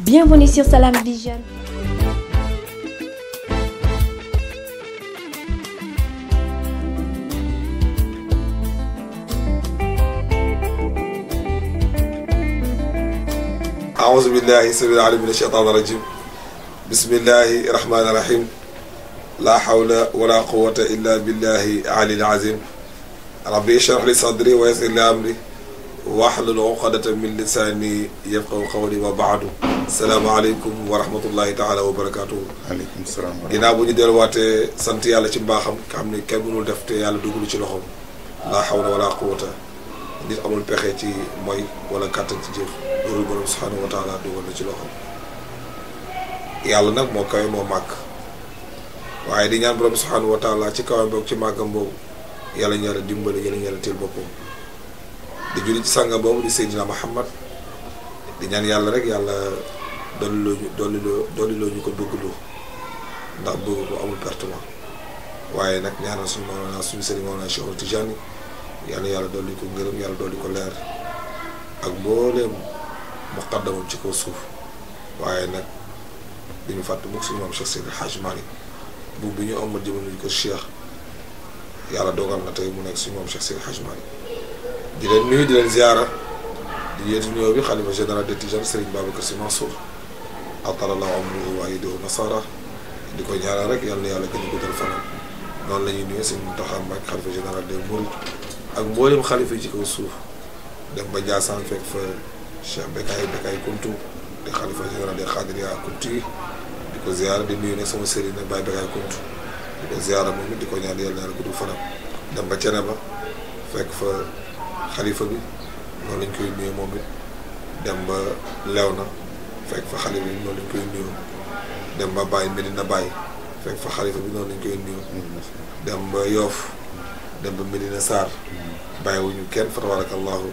Bienvenue sur Salam Vision. أعوذ بالله السميع العليم من الشيطان الرجيم بسم الله الرحمن الرحيم لا حول ولا قوة إلا بالله العلي العظيم ربي اشرح لي صدري ويسر لي أمري waxlul uqadata min lisaani xaw qawli wa baadu salaamaaleykum wa rahmatullahi taala wa barakaatu. aleykum salaam wa ginnaaw bu ñu delluwaatee sant yàlla ci mbaaxam nga xam ne kenn mënul def te yàlla duggul ci loxoom. laa xawla wala quwata nit amul pexe ci moy wala kàttan ci jëf loolu borom subhaanahu wa taala dugal na yàlla nag moo kawe moo màgg waaye di ñaan borom subhaanahu wa taala ci kawam boog ci màggam boobu yàlla ñu yàlla dimbali yàlla ñu yàlla teel boppam. di julli ci sànga boobu di Seydina Muhammad di ñaan yàlla rek yàlla dolli loo ñu dolli loo dolli ñu ko bëgg lu ndax bëgg bu amul pertement waaye nag ñaanal suñu maanaam suñu sëriñ maanaam Cheikh Ahmad Tidiane yàlla yàlla dolli ko ngërëm yàlla dolli ko leer ak ci kaw suuf waaye nag dañu fàtte mukk suñu maam Cheikh Seydi bu bi ñu amal jëmale ko Cheikh yàlla dogal na tey mu nekk suñu maam Cheikh Seydi Hadj Malick di leen nuyu di leen ziara di yeetu nuyoo bi xalifa général de Tijane Serigne Babacar Sy Mansour atalallahu amruhu wa aydahu nasara di ko ñaanal rek yal na yàlla gën a guddal fanam noonu la ñuy nuyu sëñ Mountakha Mbacké xalifa général des Mourides ak mboolem xalifa yi ci kaw suuf dem ba Ndiassane fekk fa Cheikh Bekay Bekay Kuntu di xalifa général des Khadiriya Kuntu yi di ko ziara di nuyu nag sama sëriñ nag Baye Bekay Kuntu di ko ziara moom it di ko ñaan yàlla guddal xalifa bi noonu lañ koy nuyoo moom it dem ba lew na fekk fa xalifa bi noonu lañ koy nuyoo dem ba Baye Medina Baye fekk fa xalifa bi noonu lañ koy nuyoo dem ba Yoff dem ba Medina Sarr bàyyiwuñu kenn fa tabarakallahu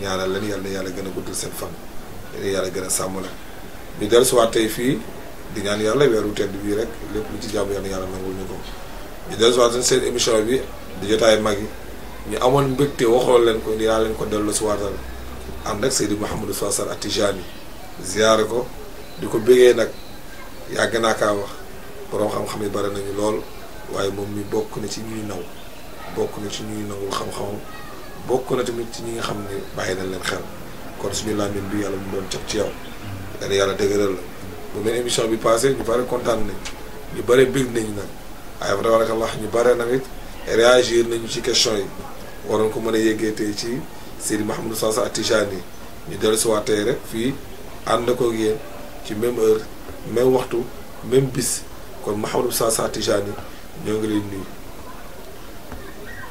ñaanal leen yàlla yàlla gën a guddal seen fan yàlla gën a sàmm leen ñu dellu si tey fii di yàlla weeru tedd bii rek lépp lu ci jàmm yàlla yàlla ñu ko ñu dellu si seen émission bi di jotaay mag yi ñu amoon mbégte waxoon leen ko dinaa leen ko dellu si waatal ànd ak Seydi Mouhamadou Sassar Atijani ziyaare ko di ko bëggee nag yàgg naa kaa wax boroom xam-xam yi bari nañu lool waaye moom mi bokk na ci ñuy naw bokk na ci ñuy nangul xam bokk na tamit ci ñi nga xam ne bàyyi na leen xel kon suñu làmmiñ bi yàlla mu doon cap ci yow dana yàlla dëgëral la bu meen émission bi passé ñu bari kontaan nañ ñu bari bég nañ nag waaye ba tabaarakallah ñu bari nag réagir nañu ci question yi waroon ko mën a yeggee tey ci Seydi mu Sassa Atijani yi ñu dellu si waat tey fii ànd ko yéen ci même heure même waxtu même bis kon Mahamadou Sassa Atijani yi ñoo ngi leen nuyu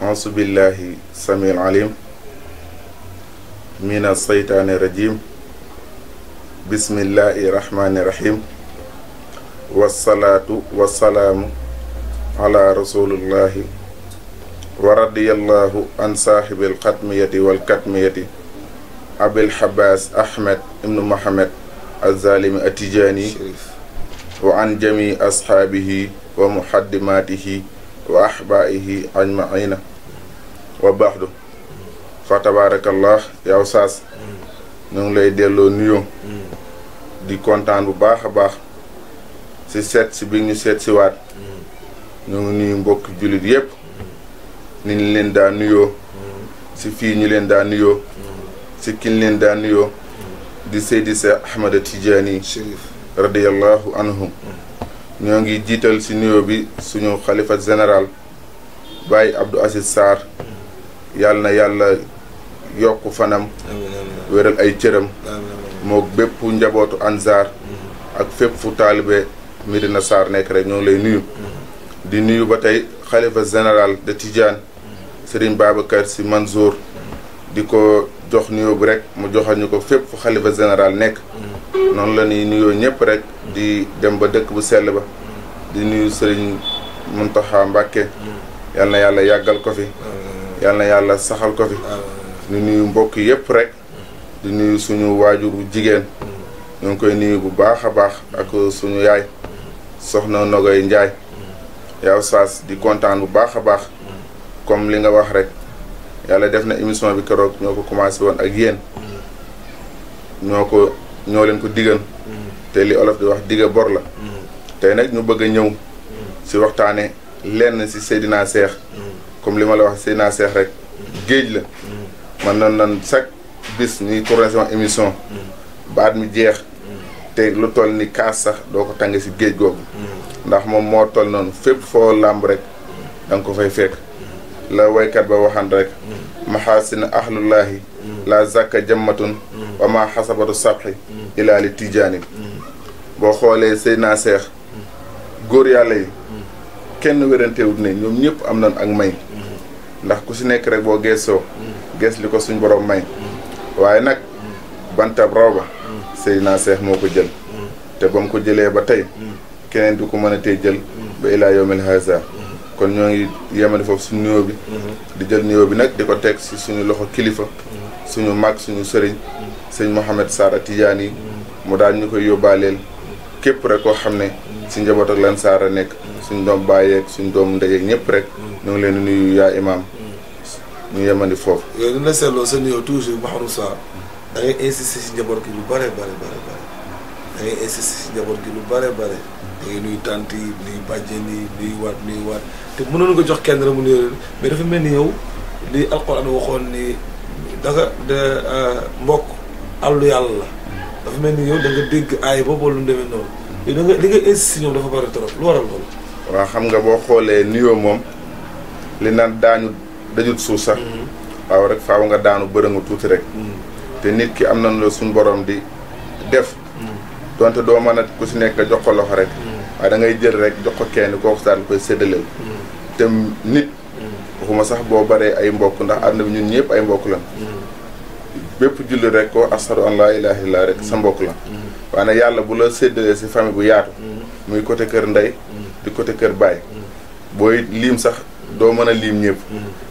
auzu billahi samil alim mina seytaani rajim bismillahi rahmani rahim wasalaatu wasalaamu ala rasulullahi wa radiyallahu an saaxibil xatmiyati wal katmiyati abil xabaas ahmed ibnu mohamed alzalimi atijaani wa an jami asxaabihi wa muxaddimaatihi wa axbaa'ihi ajmaina wa baaxdu fa tabaarakallah yow saas ñu ngi lay delloo nuyoo di kontaan bu baax a baax si seet si bi ñu seet si waat mm. ñu ngi nuyu mbokk jullit yépp ni leen daa nuyoo si fii ñu leen daa nuyoo si kiñ leen daa nuyoo di Seydi Seex Ahmada Tijaani radiyallahu anhu ñoo ngi jiital ci nuyoo bi suñu xalifa général Baye Abdou Aziz Sarr yàlla na yàlla yokk fanam wéral ay cëram mook bépp njabootu Ansar ak fépp fu taalibe Medina Sarr nekk rek ñoo ngi lay nuyu di nuyu ba tey xalifa général de Tidiane Serigne Babacar Sy Mansour di ko jox nuyoo bi rek mu joxal ñu ko fépp fu xalifa général nekk noonu la ñuy nuyoo ñëpp rek di dem ba dëkk bu sell ba di nuyu sëriñ Mountakha Mbacké yal yàlla yàggal ko fi yàlla yàlla saxal ko fi di nuyu mbokk yëpp rek di nuyu suñu waajur bu jigéen ñoo ngi koy nuyu bu baax a baax ak suñu yaay soxna Nogoy Njaay yow saas di kontaan bu baax a baax comme li nga wax rek yàlla def na émission bi keroog ñoo ko commencé woon ak yéen ñoo ko ñoo leen ko diggan te li olof di wax digga bor la te nag ñu bëgg ñëw si waxtaane lenn si Seydina seex comme li ma la wax Seydina seex rek géej la man nan nan sac bis ñuy tourné sama émission baat mi jeex te lu toll ni kaas sax doo ko tàng si géej googu ndax moom moo toll noonu fépp foo làmb rek da nga ko fay fekk la woykat ba waxan rek mm. maxaasin ahlullaahi mm. la zakka jammatun mm. wa ma xasabatu sabxi ilaa li boo xoolee sëy naa seex góor yàlla yi kenn wérantewut ne ñoom ñëpp am nañ ak may ndax ku si nekk rek boo geesoo gees li ko suñ boroom may waaye nag bantab raw ba sëy naa seex moo ko jël te ba mu ko jëlee ba tey keneen du ko mën a tey jël ba ilaa yawmil haza kon ñoo ngi yemale foofu suñu nuyoo bi. Mm-hmm. di jël nuyoo bi nag di ko teg si suñu loxo kilifa. Mm-hmm. suñu mag suñu sëriñ. Mm-hmm. sëñ Mouhamed Sarr Tidiane yi mu daal ñu koy yóbbaaleel képp rek koo xam ne si njaboot ak lan Sarr nekk. suñu doom bàyyeeg suñu doom ndeyeeg ñëpp rek. ñoo ngi leen di nuyu yaa imaam. ñu yemandi foofu. yooyu li ñu la seetloo sa nuyoo da si njaboot gi lu bare bare bare bare da ngay si njaboot gi lu bare bare da ngay nuyu tante yi nuyu bàjjen yi nuyu te mënoon nga jox kenn rek mu nuyoo mais dafa mel ni yow li alquran waxoon ni daga de euh, mbokk àllu yàlla la dafa mel ni yow da dégg aay boobu lu demee noonu yow li nga insisté dafa bari trop lu waral loolu. waaw xam nga boo xoolee nuyoo moom li naan daañu dajut suuf sax. Mm-hmm. waaw rek faaw nga daanu bërëngu tuuti rek. Mm-hmm. te nit ki am nañ la suñu borom di def. Mm-hmm. donte doo mën a ku si nekk jox ko loxo rek. waaye dangay ngay jël rek jox ko kenn kooku daal koy séddaleel. te nit. waxuma sax boo baree ay mbokk ndax àdduna bi ñun ñëpp ay mbokk la. bépp julli rek ko ashadu an laa ilaaha illallaah rek sa mbokk la. waaye yàlla bu la séddalee si famille bu yaatu. muy côté kër ndey. di côté kër baay. booy liim sax doo mën a liim ñëpp.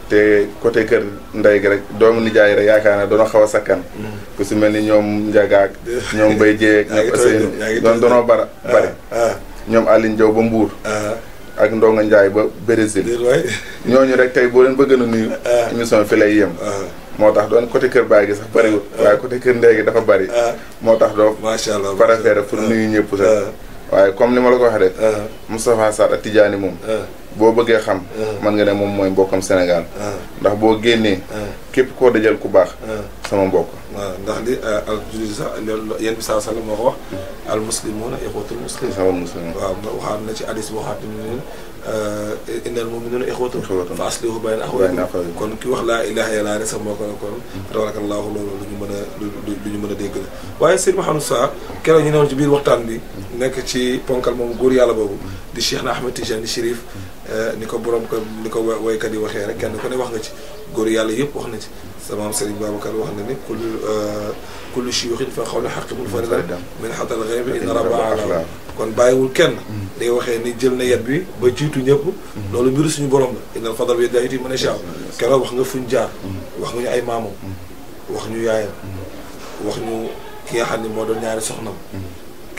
te côté kër ndey gi rek doomu nijaay rek yaakaar na doona xaw a sakkan. ku si mel ni ñoom Ndiaga ñoom Baye Dieng ak ñoom Ousseynou doon doonoo bara ah, bari ah. ñoom Aline Diaw ba Mbour. Ah. ak Ndonga Ndiaye ba Brésil. ñooñu rek tey boo leen bëgg na nuyu. Ah. émission fi lay yem. Ah. moo tax doon côté kër baay gi sax bariwul. waaye côté kër ndey dafa bari. moo tax doo. macha allah préféré pour nuyu ñëpp sax. waaye comme ni ma la ko waxee rek. Moustapha Sarr ak Tidjani moom. boo bëggee xam. Ah. man nga ne moom mooy mbokkam Sénégal. Ah. ndax boo génnee. Ah. képp koo dajal ku baax. sama mbokk. waaw ndax di euh, al jullit sax loolu yéen bi saa sala moo ko wax. al muslimuuna ixwatul muslim. sama muslim waaw waxaat na ci hadis boo xamante ne nii euh, innal muminuuna ixwatun fa aslihu bayna axawaykum kon ki wax laa ilaha illa rek sax moo ko kon tabarakallahu loolu lu ñu mën a ñu mën a dégg la waaye sëñ Mouhamadou Sarr keroog ñu newoon ci biir waxtaan bi nekk ci ponkal moom góor yàlla boobu di Cheikh na Ahmed Tijani Chérif Eh, ni ko borom ko ni ko woykat yi waxee rek kenn ku ne wax nga ci góor yàlla yëpp wax na ci sama maam Serigne Babacar wax na ni kullu eh, kullu shuyuxin fa xaw la xaqibul farida min xatal xeybi in raba ala kon bàyyiwul kenn hmm. day waxee ni jël na yet bi ba jiitu ñëpp hmm. loolu mbiru suñu borom la innal fadal bi yadaahi man yashaa keroog wax nga fuñ jaar hmm. wax nga ñu ay maamam wax ñu yaayam wax ñu ki nga xam ni moo doon ñaari soxnam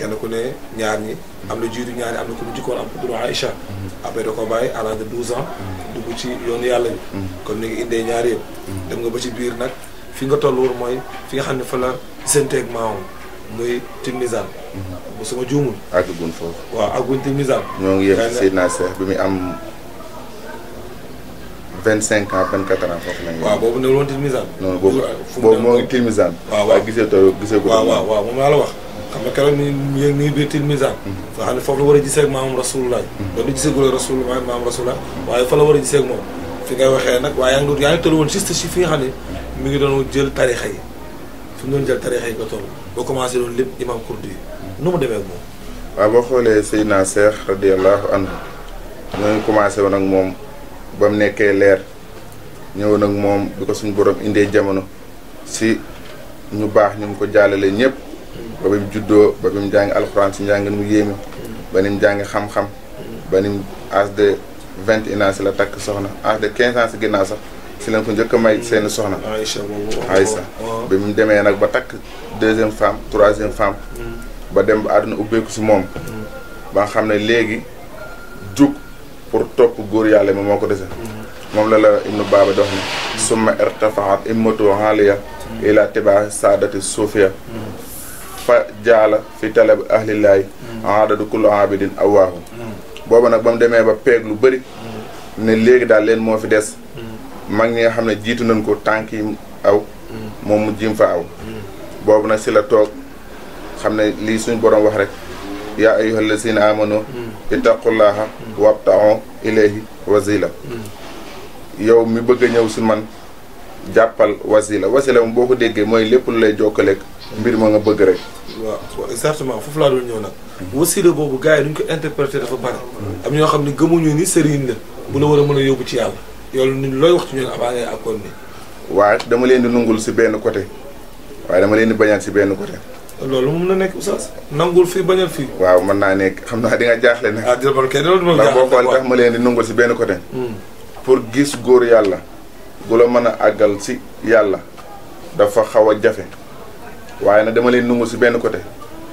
kenn ku ne ñaar ñi am na jiitu ñaar ñi am na ko mu jikkoon am ku tudd Aïcha mm-hmm. après da ko bàyyi à l'âge de douze ans mm-hmm. dugg ci yoonu yàlla bi mm-hmm. kon ni ngi indee ñaar yëpp dem nga ba ci biir nag fi nga toll woon mooy fi nga xam ne fa la gisanteeg maamam muy Timizaan bu suma juumul àgguñ foofu waaw ñoo ngi yëf Seydina Cheikh bi muy am vingt cinq ans vingt quatre ans foofu lañ. boobu ne woon Tilmisaan. non boobu boobu moo ngi Tilmisaan. gisee too gisee ko. waaw waaw waaw moom laa la wax. xam nga keroog ni ñu ngi biir til misaan mhm. foofu la war a gisee ak maamam rasulullah doon di gisee gula rasul maam rasulullah waaye fa la war a gisee ak moom fi ngay waxee nag waaye yaa ngi doon yaa ngi woon juste si fi nga xam ne mi ngi doon jël tarixa yi fi mu doon jël tarixa yi nga toll boo commencé doon lépp imam kurdi yi mhm. nu mu demee ak moom waaw boo xoolee Seydina Cheikh radiallahu anhu ñooñu commencé woon ak moom ba mu nekkee leer ñëwoon ak moom bi ko suñu borom indee jamono si ñu baax ñu ngi ko jàllale ñëpp ba bi mu juddoo ba bi mu jàngi alxuraan si njàngin mu yéeme ba ni mu jàngi xam-xam ba ni mu de vingt et un si la takk soxna âge de quinze ans si ginnaaw sax si lañ ko njëkk a may seen soxna Aïssa ba mu demee nag ba takk deuxième femme troisième femme mm. ba dem ba àdduna ubbeeku si moom mm. ba xam ne léegi jug pour topp góor yàlla mi moo ko dese mm. moom la la ibnu baaba dox ne summa irtafaat immatu haaliya ila tibaa saadati suufiya fa jaala fi talab ahlillahi mm. aadadu bi abidin awaahu mm. booba nag ba mu demee ba peeg lu bëri mm. ne léegi daal leen moo fi des mag ñi nga xam ne jiitu nañ ko tànk yi aw moom mu jim fa aw boobu nag si la toog xam ne lii suñ borom wax rek yaa ayyuhal lazina amanu ittaqullaha wabta'u ilayhi wasila yow mi bëgg a ñëw si man jàppal wasila wasila moom boo ko déggee mooy lépp lu lay jokkaleeg mbir ma nga bëgg rek. waaw exactement foofu laa doon ñëw nag. wasiila boobu gaa yi duñ ko interprété dafa bari. am ñoo xam ne gëmuñu ni sëriñ la. bu la war a mën a yóbbu ci yàlla. yow ni looy wax ci ñoom avant ngay àggoon nii. dama leen di si benn côté waaye dama leen di bañaat si benn côté. loolu mun na nekk oustaz nangul fii bañal fii. waaw mën naa nekk xam naa di nga jaaxle nag. ah di la kay loolu ma boo xoolee tax ma leen di nungul si benn côté. Hmm. pour gis góor yàlla bu la mën a àggal si yàlla dafa xaw a jafe waaye nag dama leen nungul si benn côté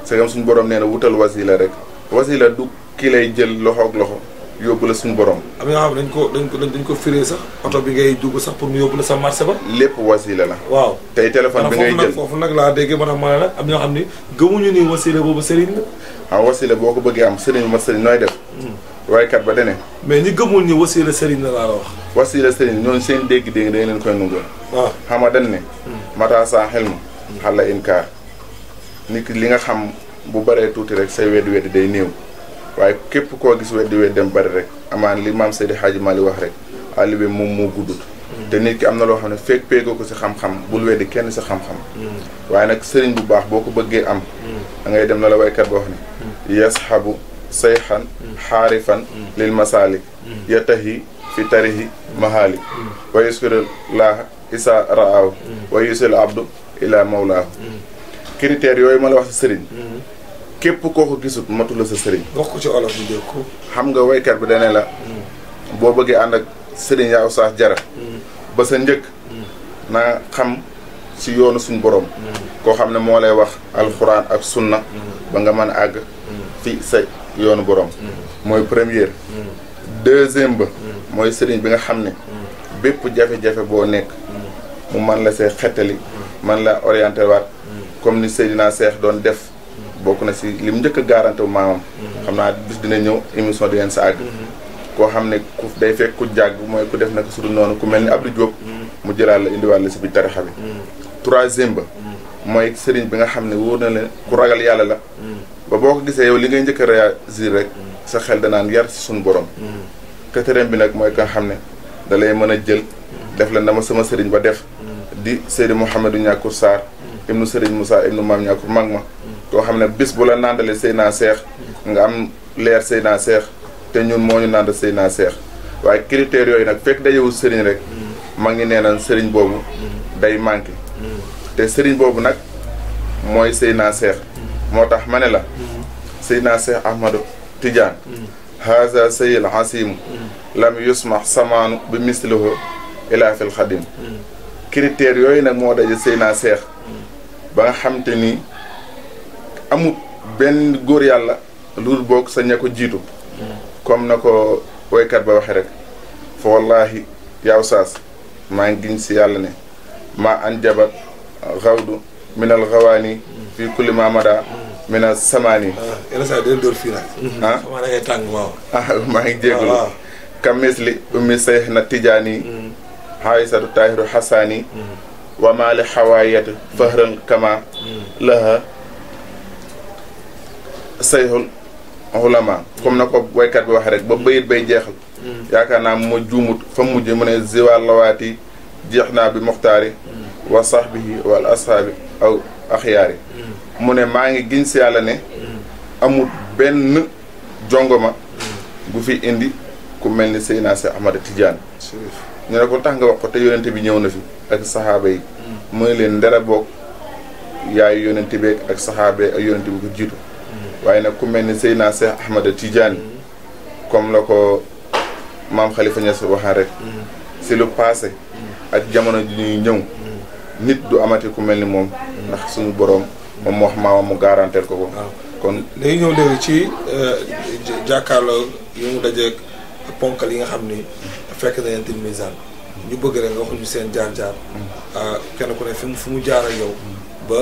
segam suñu borom nee na wutal wasila rek wasila du ki lay jël loxo ak loxo yóbbu la suñu borom. am na xam dañ ko dañ ko dañ ko firee sax oto bi ngay dugg sax pour mu yóbbu la sa marché ba. lépp wasila la. waaw tey téléphone bi ngay foofu nag laa déggee ma tax ma am ñoo xam ne gëmuñu ni wasila boobu sëriñ la. ah wasila boo ko bëggee am sëriñ ma sëriñ nooy def. Hmm. waaye kat ba dene mais ñi gëmul ni wasila sëriñ la laa la wax. wasila sëriñ ñooñu seen dégg-dégg dañ leen koy nungul. waaw xam a dañ ne. Hmm. mataa saa xel ma. xal xala inkaar nit ki li nga xam bu baree tuuti rek say weddi weddi day néew waaye képp koo gis weddi weddi dem bari rek amaan li maam Seydi Hadji Malick wax rek àll bi moom moo guddut mm. te nit ki am na loo xam ne fekk ko si xam-xam bul weddi kenn si xam-xam mm. waaye nag sëriñ bu baax boo ko bëggee am mm. da ngay dem na la waykat boo wax ne yashabu sayxan xaarifan lil masaalik yatahi fi tarihi mahaalik wa yusfiru laaha isa raaw wa yusil abdu ilaa mawlaa mm-hmm. critères yooyu ma la wax sa sëriñ mm-hmm. képp koo ko gisut matu sa sëriñ wax ko ci olof bi dégg ko xam nga waykat bi dane la mm-hmm. boo bëggee ànd ak sëriñ yaa Oustaz Diarra ba sa njëkk na xam ci yoonu suñ borom koo xam ne moo lay wax alxuraan ak sunna ba nga mën a àgg fi sa yoonu borom mooy première deuxième ba mooy sëriñ bi nga xam ne bépp jafe-jafe boo nekk mu man la see xettali man la orienté waat mm. comme ni Seydina Seex doon def mm. bokk na si lim njëkk a garanté wu maamam mm. xam naa bis dina ñëw émission di leen sa àgg mm-hmm. koo xam ne ku day fekk ku jàgg mooy ku def naka sudul noonu ku mel ni Abdou Diop mu jëlaat la indiwaat la si biir tarixa bi troisième ba mooy sëriñ bi nga xam ne wóor na leen ku ragal yàlla la ba boo ko gisee yow li ngay njëkk a réagir rek sa xel danaan yar si suñu borom quatrième bi nag mooy ka nga xam ne da lay mën a jël def la na ma sama sëriñ ba def di Seydi Mouhamadou Ñàkkur Sarr mm. ibnu Sëriñ Moussa ibnu Maam Ñàkkur mag ma koo xam ne bis bu la nàndale Seydina Seex mm. nga am leer Seydina Seex te ñun moo ñu nàndal Seydina Seex waaye critères yooyu nag fekk dajewul sëriñ rek mm. mag ngi nee na sëriñ boobu day manqué te sëriñ boobu nag mooy Seydina Seex moo tax ma ne la Seydina Seex Ahmadou Tidiane haza sayil asimu lam yusmax samaanu bi misliho ilaa fil critères yooyu nag moo daje Seyna Seex ba nga xam ni amut benn góor yàlla lu bokk sa ña ko jiitu comme na ko woykat ba waxee rek fa wallahi yaaw saas maa ngi giñ si yàlla ne maa an jabat xawdu minal xawaani fii kulli mamada mina samaani ah, sa dina hmm? ah, ah, maa ngi jégalu kamis li ummi seex na tijaani hmm. haysatu tahiru hasani wa mali hawayat fahran kama laha sayhul ulama comme na ko waykat bi wax rek ba bayit bay jeexal yaakaar naa ma juumut fa mujj mu ne lawaati jeex bi muxtaari wa sahbihi wal ashaabi aw axyaari mu maa ngi giñ si yàlla ne amul benn jongoma gu fi indi ku mel ni Seydina Cheikh Ahmada Tidiane ñu ne ko tax nga wax ko te bi ñëw na fi ak saxaaba yi mm. mooy leen ndera boog yaayu yonente beeg ak saxaaba ak yonente bi ko jiitu mm. waaye nag ku mel ni Seydina Cheikh Ahmada Tidiane mm. comme la ko maam Khalifa Niass waxaan rek si lu passé ak jamono ji ñuy ñëw nit du amati ku mel ni moom ndax suñu boroom moom moo wax maamam mu garanteel ko ko kon léegi ñëw léegi ci euh, jàkkaarloo yu a dajeek ponkal yi nga xam ni fekk nañu tin misaan ñu bëgg rek nga waxuñu seen jaar-jaar mm. ah, kenn ku ne fi mu fi mu jaar ba yow mm. ba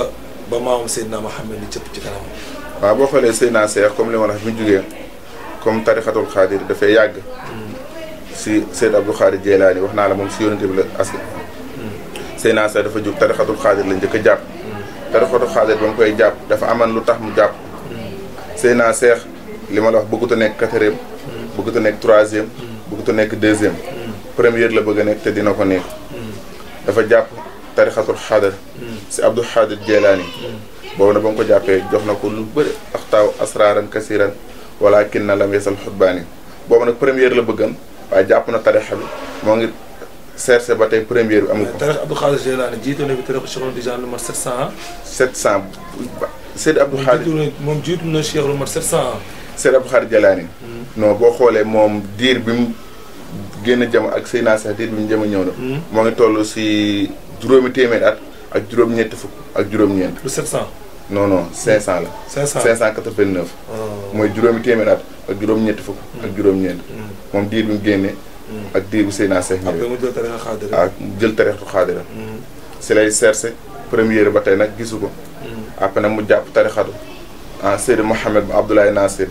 ba maamam Seydina Mohamed ni cëpp ci kanam waaw boo xoolee Seydina Seex comme li ma la wax bi ñu comme tarixatul xaadir dafay yàgg mm. si Seyd Abdou Xaadir Jeylaani wax naa la moom si yonente bi la askan Seydina Seex dafa jóg tarixatul xaadir la njëkk a jàpp tarixatul xaadir ba mu koy jàpp dafa aman lu tax mu jàpp Seydina Seex li ma la wax bëggut a nekk quatrième bëggut a nekk troisième. Mm. bëggut a nekk deuxième. Mm. première la bëgg a nekk te dina ko nekk. Mm. dafa jàpp tarixatul xaadar. si Abdou Xaadir Jeelaani. boobu nag ba mu ko jàppee jox na ko lu bëri axtaaw asraaran wala walaakin na lam yasal xutbaani boobu nag première la bëggan waaye jàpp na tarixa bi moo ngi cherché ba tey première bi amu ko. tarix Abdou Xaadir Jeelaani jiite na fi tarix Cheikh Tidiane Oumar 700. 700 Seydi Abdou Xaadir moom jiitu na Cheikh Oumar 700. Serap Xar Jalaani non boo xoolee moom diir bi mu génn jam ak sëy naa diir bi mu jëm ñëw na. Mm. moo ngi toll si juróomi téeméer ak juróom fukk ak juróom-ñeent. du 700. non non 500 la. 500 589. mooy juróomi téeméer at ak juróom-ñetti fukk. ak juróom-ñeent. moom diir bi mu génnee. Mm. ak diir bu sëy naa sax ñëwee. mu jël tarixu xaadira. ak ah, jël mm. si lay cherché première ba tey nag gisu ko. après mu jàpp tarixatu ah Seydou Mohamed Nasir.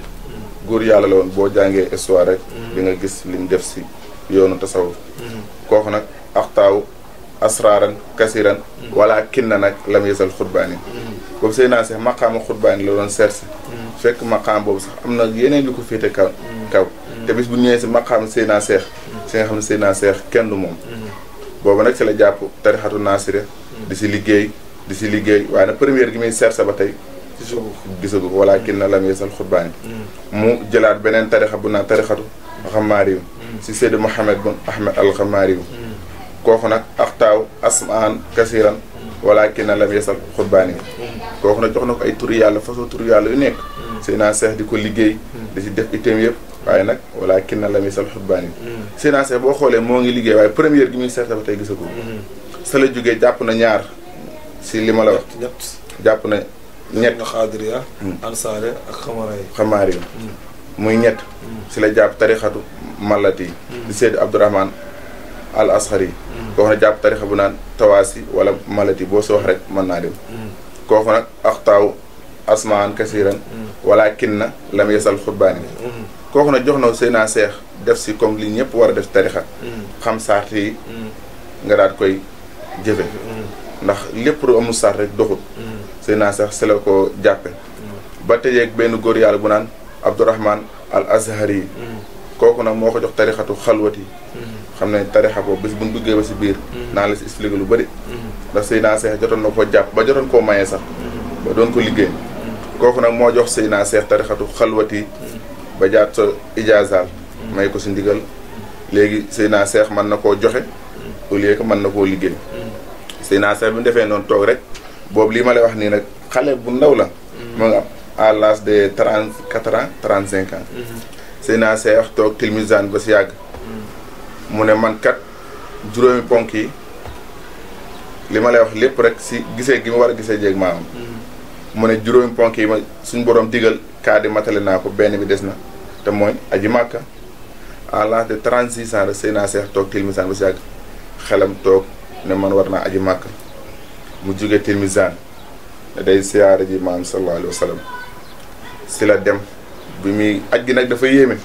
góor yàlla la woon boo jàngee histoire rek. Mm-hmm. di nga gis lim def si yoonu tasawuf. Mm-hmm. kooku nag axtaaw asraaran kasiran. Mm-hmm. wala na nag lam yesal xutbaani. boobu sëy naa sax maqaamu xutbaani la doon seet si. fekk maqaam boobu sax am na yeneen yu ko féete kaw. kaw te bis bu ñëwee si maqaam sëy seex. si nga xam ne sëy seex kenn du moom. boobu nag si la jàpp tarixatu naasire di si liggéey di si liggéey waaye na première gi muy seet sa ba tey. gisagu ko wala kin na lam yeesal xutbaani mm. mu jëlaat beneen tarixa bu naan tarixatu xamaariyu mm. si Seydi Mouhamed bun Ahmed al xamaariyu mm. kooku nag axtaaw asmaan kasiran wala kin na lam yeesal xutbaani kooku nag jox na ko ay turu yàlla façon turu yàlla yu nekk sëy naa seex di ko liggéey di ci def itam yëpp waaye nag wala kin na lam yeesal xutbaani sëy naa seex boo xoolee moo ngi liggéey waaye première gi muy te ba tey gisagu sa la jógee jàpp na ñaar si li ma la ñett xaadiriya hmm. ansaare ak xamaar yi xamaar hmm. muy ñett hmm. si la jàpp tarixatu malat yi di seyd abdourahman al asxari koo xam jàpp tarixa bu naan tawaasi wala malat yi boo si wax rek mën naa dem koo xam nag axtaaw asmaan kasiran wala kinna lam yesal xutbaani koo xam jox na seen naa seex def si comme li ñëpp war a def tarixa xam sart yi nga daat koy jëfe ndax lépp lu amul sart rek doxut sëy naa sax si ko jàppe ba tëjeeg benn góor yàlla bu naan abdourahman al azhari kooku nag moo ko jox tarixatu xalwat xam ne tarixa boobu bis ba si biir naa la si expliqué lu bëri ndax sëy naa seex jotoon na ko jàpp ba jotoon koo mayee sax ba doon ko liggéey kooku nag moo jox sëy naa seex tarixatu xalwat ba jaat so ijaazaal may ko si ndigal léegi sëy naa seex mën na koo joxe au lieu que mën na koo liggéey sëy naa seex bi mu defee noonu toog rek boobu lii ma lay wax nii nag xale bu ndaw la. mu mm-hmm. nga am à l'âge de trente quatre ans trente cinq ans. Mm-hmm. sëy naa see toog tilmisaan ba si yàgg. Mm-hmm. mu ne man kat juróomi ponk yi li ma lay wax lépp rek si gisee gi ma war a gisee jéeg maam. mu ne juróomi ponk yi ma suñ borom digal kaa di matale naa ko benn bi des na te mooy aji màkka à l'âge de trente six ans rek sëy naa see wax toog tilmisaan ba si yàgg xelam toog ne man war naa aji màkka. mu jóge Tilmisaan ne day siyaare ji maam sallallahu alayhi wa si la dem bi muy aj gi nag dafa yéeme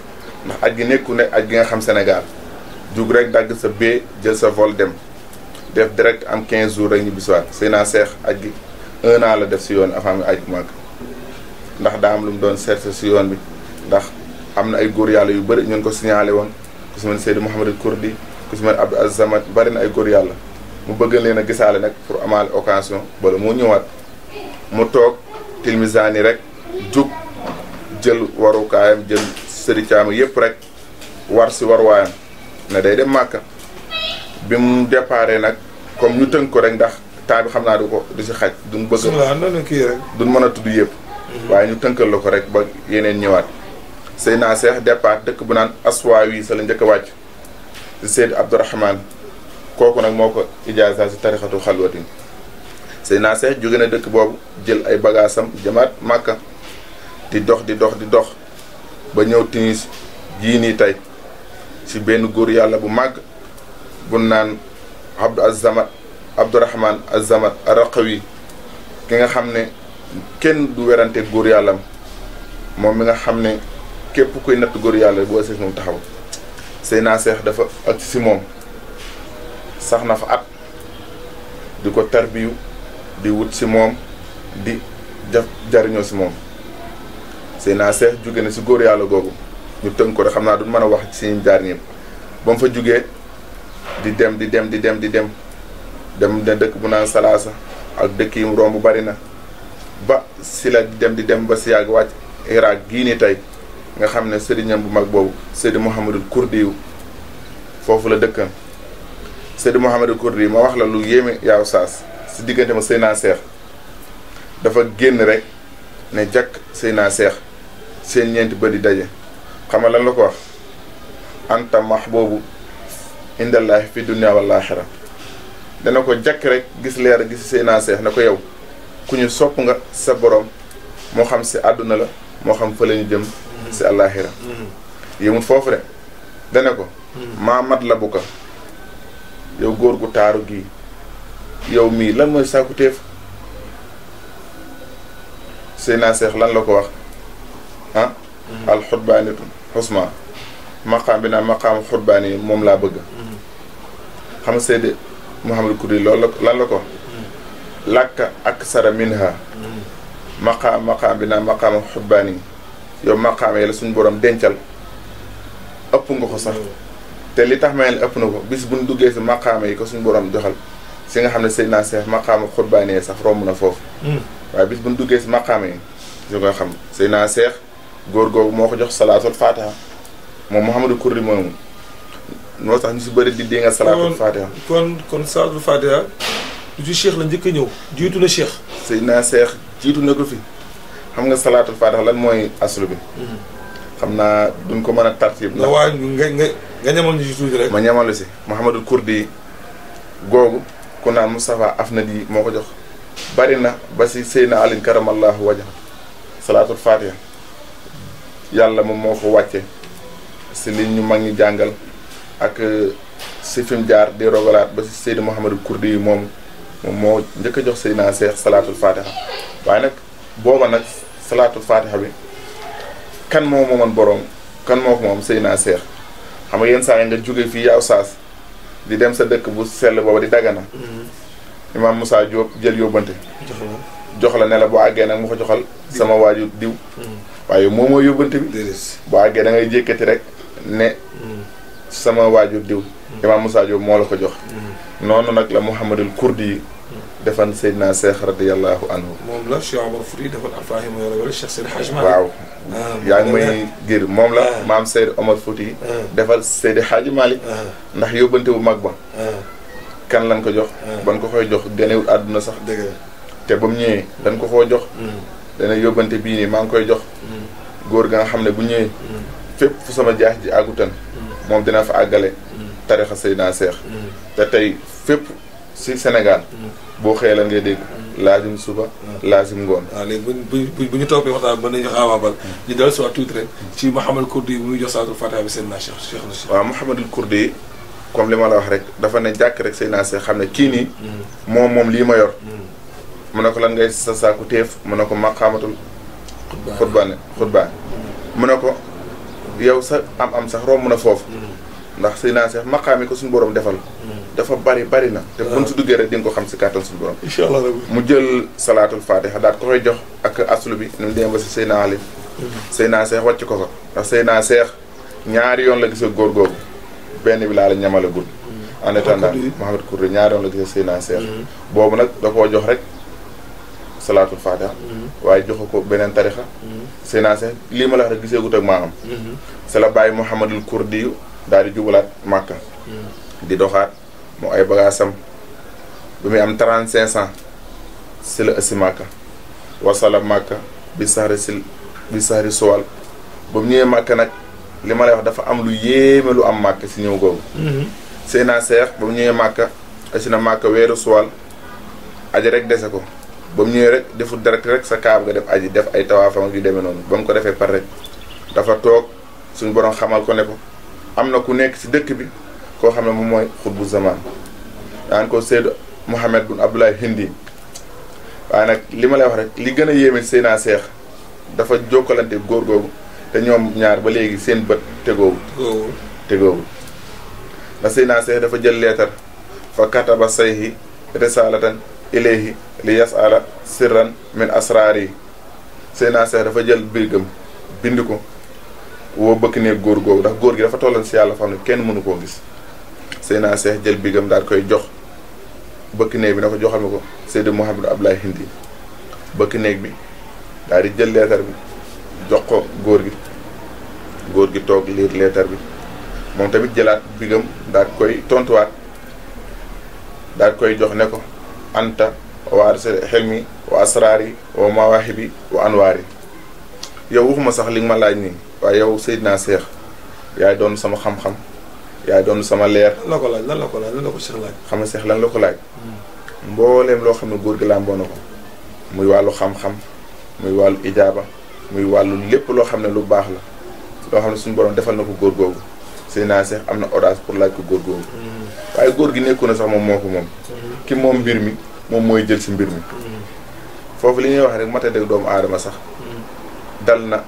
ndax aj gi nekku ne aj gi nga xam senegal jug rek dagg sa bee jël sa vol dem def direct am 15 jours rek ñu bisuwaat sëy seex aj gi un la def si yoon avant mi aj mag ndax daa am lu mu doon seet si yoon bi ndax am na ay góor yàlla yu bëri ñun ko signalé woon ku si mel Seydou Mouhamadou Kourdi ku si mel Abdou Azzamat bari na ay góor yàlla mu bëgg leen a gisaale nag pour amaal occasion bala moo ñëwaat mu toog tilmisaan yi rek jug jël warukaayam jël sëricaam yëpp rek war si waruwaayam na day dem màkka bi mu déparé nag comme ñu tënk ko rek ndax temps xam naa du ko du si xaj duñ bëgg kii rek duñ mën a tudd yëpp mhm. waaye ñu tënkal la ko rek ba yeneen ñëwaat sëy naa seex départ dëkk bu naan aswaa wi sa la njëkk a wàcc Seyd Abdourahmane kooku nag moo ko ijaasa si tarixatu xalwatin naa Seex jóge na dëkk boobu jël ay bagaasam jamaat Màkka di dox di dox di dox ba ñëw tinis jii nii tey si benn góor yàlla bu màgg bu naan Abdou Azamat Abdourahman Azamat Araqawi ki nga xam ne kenn du werante góor yàllam moom mi nga xam ne képp kuy natt góor yàlla boo sees moom taxaw Seydina Seex dafa ak si moom sax na fa at di ko tarbiyu di wut si moom di jaf jariñoo si moom sëy naa seex jóge na si góor yàlla googu ñu tënk ko de xam naa du mën a wax si ñu jaar ñëpp ba mu fa jógee di dem di dem di dem di dem dem na dëkk bu naan salaasa ak dëkk yi mu romb bari na ba si la di dem ba si yàgg wàcc Irak gii ni tey nga xam ne sëriñam bu mag boobu sëriñ Mouhamadul Kurdiyu foofu la dëkkan Seydou Mouhamadou Kourdi ma wax la lu yéeme yaaw saas si diggante ma Seyna Seex dafa génn rek ne jàkk Seyna Seex seen ñeenti bët di daje xam nga lan la ko wax anta mahbubu indallaahi fi dunya wal aaxira dana ko jàkk rek gis leer gis Seyna Seex na ko yow ku ñu sopp nga sa borom moo xam si àdduna la moo xam fa la ñu jëm si àllaaxira mm-hmm. yémut foofu rek dana ko mm-hmm. maa mat la bu ko yow góor gu taaru gi yow mii lan mooy sàkkuteef Seydina Seex lan la ko wax ah mm-hmm. al xusma maqaam bi naa maqaamu xutbaani moom laa bëgg mm-hmm. xam nga Seydi Mouhamadou Kouri loolu la lan la ko mm-hmm. làkka ak sara minha maqaam maqaam bi naa maqaamu xutbaani yow maqaam yi la suñu borom dencal ëpp nga ko sax te li tax ma ne ëpp na ko bis buñ duggee si maqaama yi ko suñu borom joxal si nga xam ne Seydina Cheikh maqaama xutbaanee sax romb na foofu hmm. waaye bis buñ duggee si maqaama yi ñu koy xam Seydina Cheikh góor googu moo ko jox salaatul fatiha moom Mouhamadou Kourdi moomu moo tax ñu si bëri di dee nga salaatul fatiha kon kon salaatul fatiha la njëkk ñëw jiitu na Cheikh Seydina Cheikh jiitu na ko fi xam nga salaatul fatiha lan mooy aslu bi hmm. xam naa duñ ko mën a tartib na waaye nga nga nga si ma ñamal si Mouhamadul Kurdi googu ku naan Moustapha Afnad yi moo ko jox bari na ba si Seyna Alin karamallahu wajha salaatul fatiha yàlla moom moo ko wàcce si li ñu mag ñi jàngal ak euh, si fi mu jaar di rogalaat ba si Seydi Mouhamadul Kurdi yi moom moo njëkk a jox Seyna Seex salaatul fatiha waaye nag booba nag salaatul fatiha bi kan moo moo moomoon borom kan moo ko moom sëy naa seex xam nga yenn saa yi nga jóge fii yaaw saas di dem sa dëkk bu sell booba di dagana mm-hmm. imaam Moussa Diop jël yóbbante jox la ne la boo àggee nag mu ko joxal sama waaju diw mm-hmm. waaye moom moo yóbbante bi boo àggee da ngay jékkati rek ne mm-hmm. sama waaju diw imaam Moussa Diop moo la ko jox noonu nag la Mouhamadul Kurdi yi defan Seydina Seex radiyallahu anhu moom la Cheikh Omar Fouti defan Alfahima yore wala waaw yaa ngi may ngir moom la maam Seydou Omar Fouti defal Seydi Hadji Malick ndax yóbbante bu mag ba kan lañ ko jox ban ko koy jox ganewul àdduna sax te ba mu ñëwee dañ ko koo yóbbante bii maa ngi koy jox góor ga nga xam ne bu ñëwee fépp fu sama jaax ji àggutan moom dina fa àggale tarixa Seydina Seex te tey fépp si Sénégal boo xëyee lan ngay dégg laajum suba ah. laajum ngoon waaw ah, léegi bu bu ñu toppee waxtaan bi mën nañu xaawaabal ñu dellu si waat tuuti rek ci Mouhamadul Kurdi bu muy jox saatul Fatiha bi seen naa Cheikh Cheikh na waaw Mouhamadul Kurdi comme li ma la wax dafa ne jàkk rek seen naa xam ne kii nii hmm. moom moom lii ma yor hmm. mun ne ko lan ngay sa saaku téef mu ne ko maqaamatul xutbaane xutbaane hmm. mu ne ko yow sa am am sax romb na foofu ndax seen naa Cheikh maqaam yi ko suñu borom defal dafa bari bari na. te buñ si duggee rek di ko xam si kàttan suñu borom. mu jël salaatul fatiha daal ko koy jox ak aslu bi ni mu demee ba si Seyna Ali. Seyna Seex wàcc ko fa ndax Seyna Seex ñaari yoon la gisee góor googu benn bi laa la ñamalagul. Mm-hmm. en attendant Mouhamed Kourdi ñaari yoon la gisee mm-hmm. jox rek salaatul mm-hmm. waaye joxu ko beneen tarixa. Seyna lii ma la wax rek gisee gut ak maamam. c'est la bàyyi Mouhamadul Kourdi daal di jubalaat Màkka. di doxaat. mu ay bagaasam bi muy am trente cinq cent si la ëssi màkka wasala màkka bi saxari si bi saxari suwal ba mu ñëwee màkka nag li ma lay wax dafa am lu yéeme lu am màkka si ñëw googu mm-hmm. Seydina Seex ba mu ñëwee màkka ëssi na màkka weeru suwal aji rek dese ko ba mu ñëwee rek deful direct rek sa kaab nga def aji def ay tawaafam ak yu demee noonu ba mu ko defee pare rek dafa toog suñu borom xamal ko ne ko am na ku nekk si dëkk bi koo xam ne moom mooy xutbu zaman yaa ko Seydou Mohamed bun Abdoulaye Hindi waaye nag li ma lay wax rek li gën a yéeme Seydina Seex dafa jokkalante góor googu te ñoom ba léegi seen bët tegoowu tegoowu dafa jël leetar fa kataba sayhi risalatan ilayhi li yasala sirran min asraar yi Seydina Seex dafa jël birgam bind ko woo bëkk ne góor googu ndax góor gi dafa tollan si yàlla fam ne kenn mënu koo gis Seyna Seex jël bigam daal koy jox bëkk néeg bi na ko joxal ma ko Seydou Mouhamadou Abdoulaye Hindi bëkk néeg bi daal di jël leetar bi jox ko góor gi góor gi toog liir leetar bi moom tamit jëlaat bigam daal koy tontuwaat daal koy jox ne ko anta waa xelmi wa asraari wa mawaahibi wa anwaari yow waxuma sax li nga ma laaj nii waaye yow Seydina Seex yaay doon sama xam-xam yaay doon sama leer. lan la la ko la xam nga seex lan la ko laaj. Hmm. mbooleem loo xam ne góor gi làmboo na ko. muy wàllu xam-xam muy wàllu ijaaba muy wàllu lépp loo xam ne lu baax la loo xam ne suñu borom defal na ko góor googu sëy naa seex am na audace pour laaj ko góor googu. Hmm. waaye góor gi nekku na sax moom moo ko moom. Hmm. ki moom mbir mi moom mooy jël si mbir mi. foofu li ñuy wax rek mata dëgg doomu aadama sax. dal na.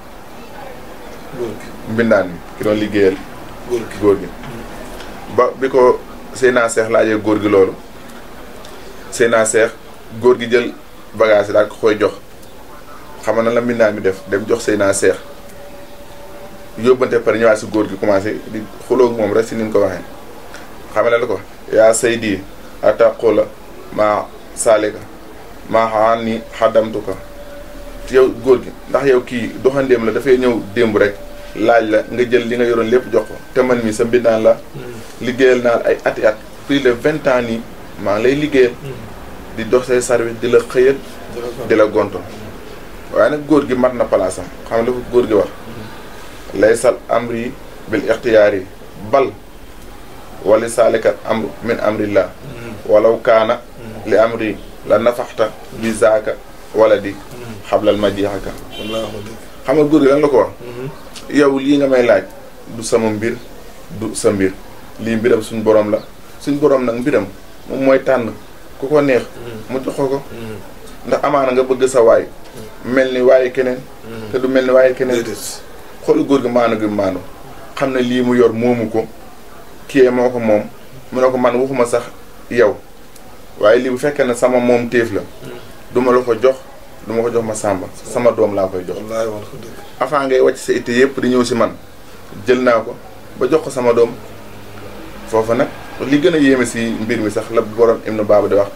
mbindaan mi ki doon liggéeyal. góor góor gi. ba bi ko naa Seex laajee góor gi loolu Seyna Seex góor gi jël bagage yi daal koy jox xam na la mbindaan mi def dem jox Seyna Seex yóbbante pare ñëwaat si góor gi commencé di xulóog moom rek si ni ko waxee xam na la ko yaa a saydi la maa saalika maa xaan ni xaddamtu ko yow góor gi ndax yow kii doxandeem la dafay ñëw démb rek laaj la nga jël li nga yoroon lépp jox ko te man mi sa mbindaan la hmm. liggéeyal naa ay ati at plus de vingt ans nii maa ngi lay liggéeyal hmm. di dox say service di la xëyal di la gonto waaye nag góor gi mat na palaasam xam nga la ko góor gi wax hmm. lay sal amri bil ixtiyaar yi bal wali saalikat amru min amrillah walaw kaana li amri la nafaxta bi zaaka wala di xablal ma jeexaka xam nga góor gi lan la ko wax yow lii nga may laaj du sama mbir du sa mbir lii mbiram suñ boroom la suñ borom nag mbiram moom mooy tànn ku ko neex mu jox ko ndax amaana nga bëgg sa waay mel ni waaye keneen te du mel ni waaye keneen xool góor gi maano gi maano xam ne lii mu yor moomu ko kiyee moo ko moom mu ne ko man waxuma sax yow waaye lii bu fekkee ne sama moom téef la duma la ko jox du ma ko jox ma sàmba sama doom laa koy jox avant ngay wàcc sa it yëpp di ñëw si man jël naa ko ba jox ko sama doom foofu nag li gën a yéeme si mbir mi sax la borom Ibnu Baaba di wax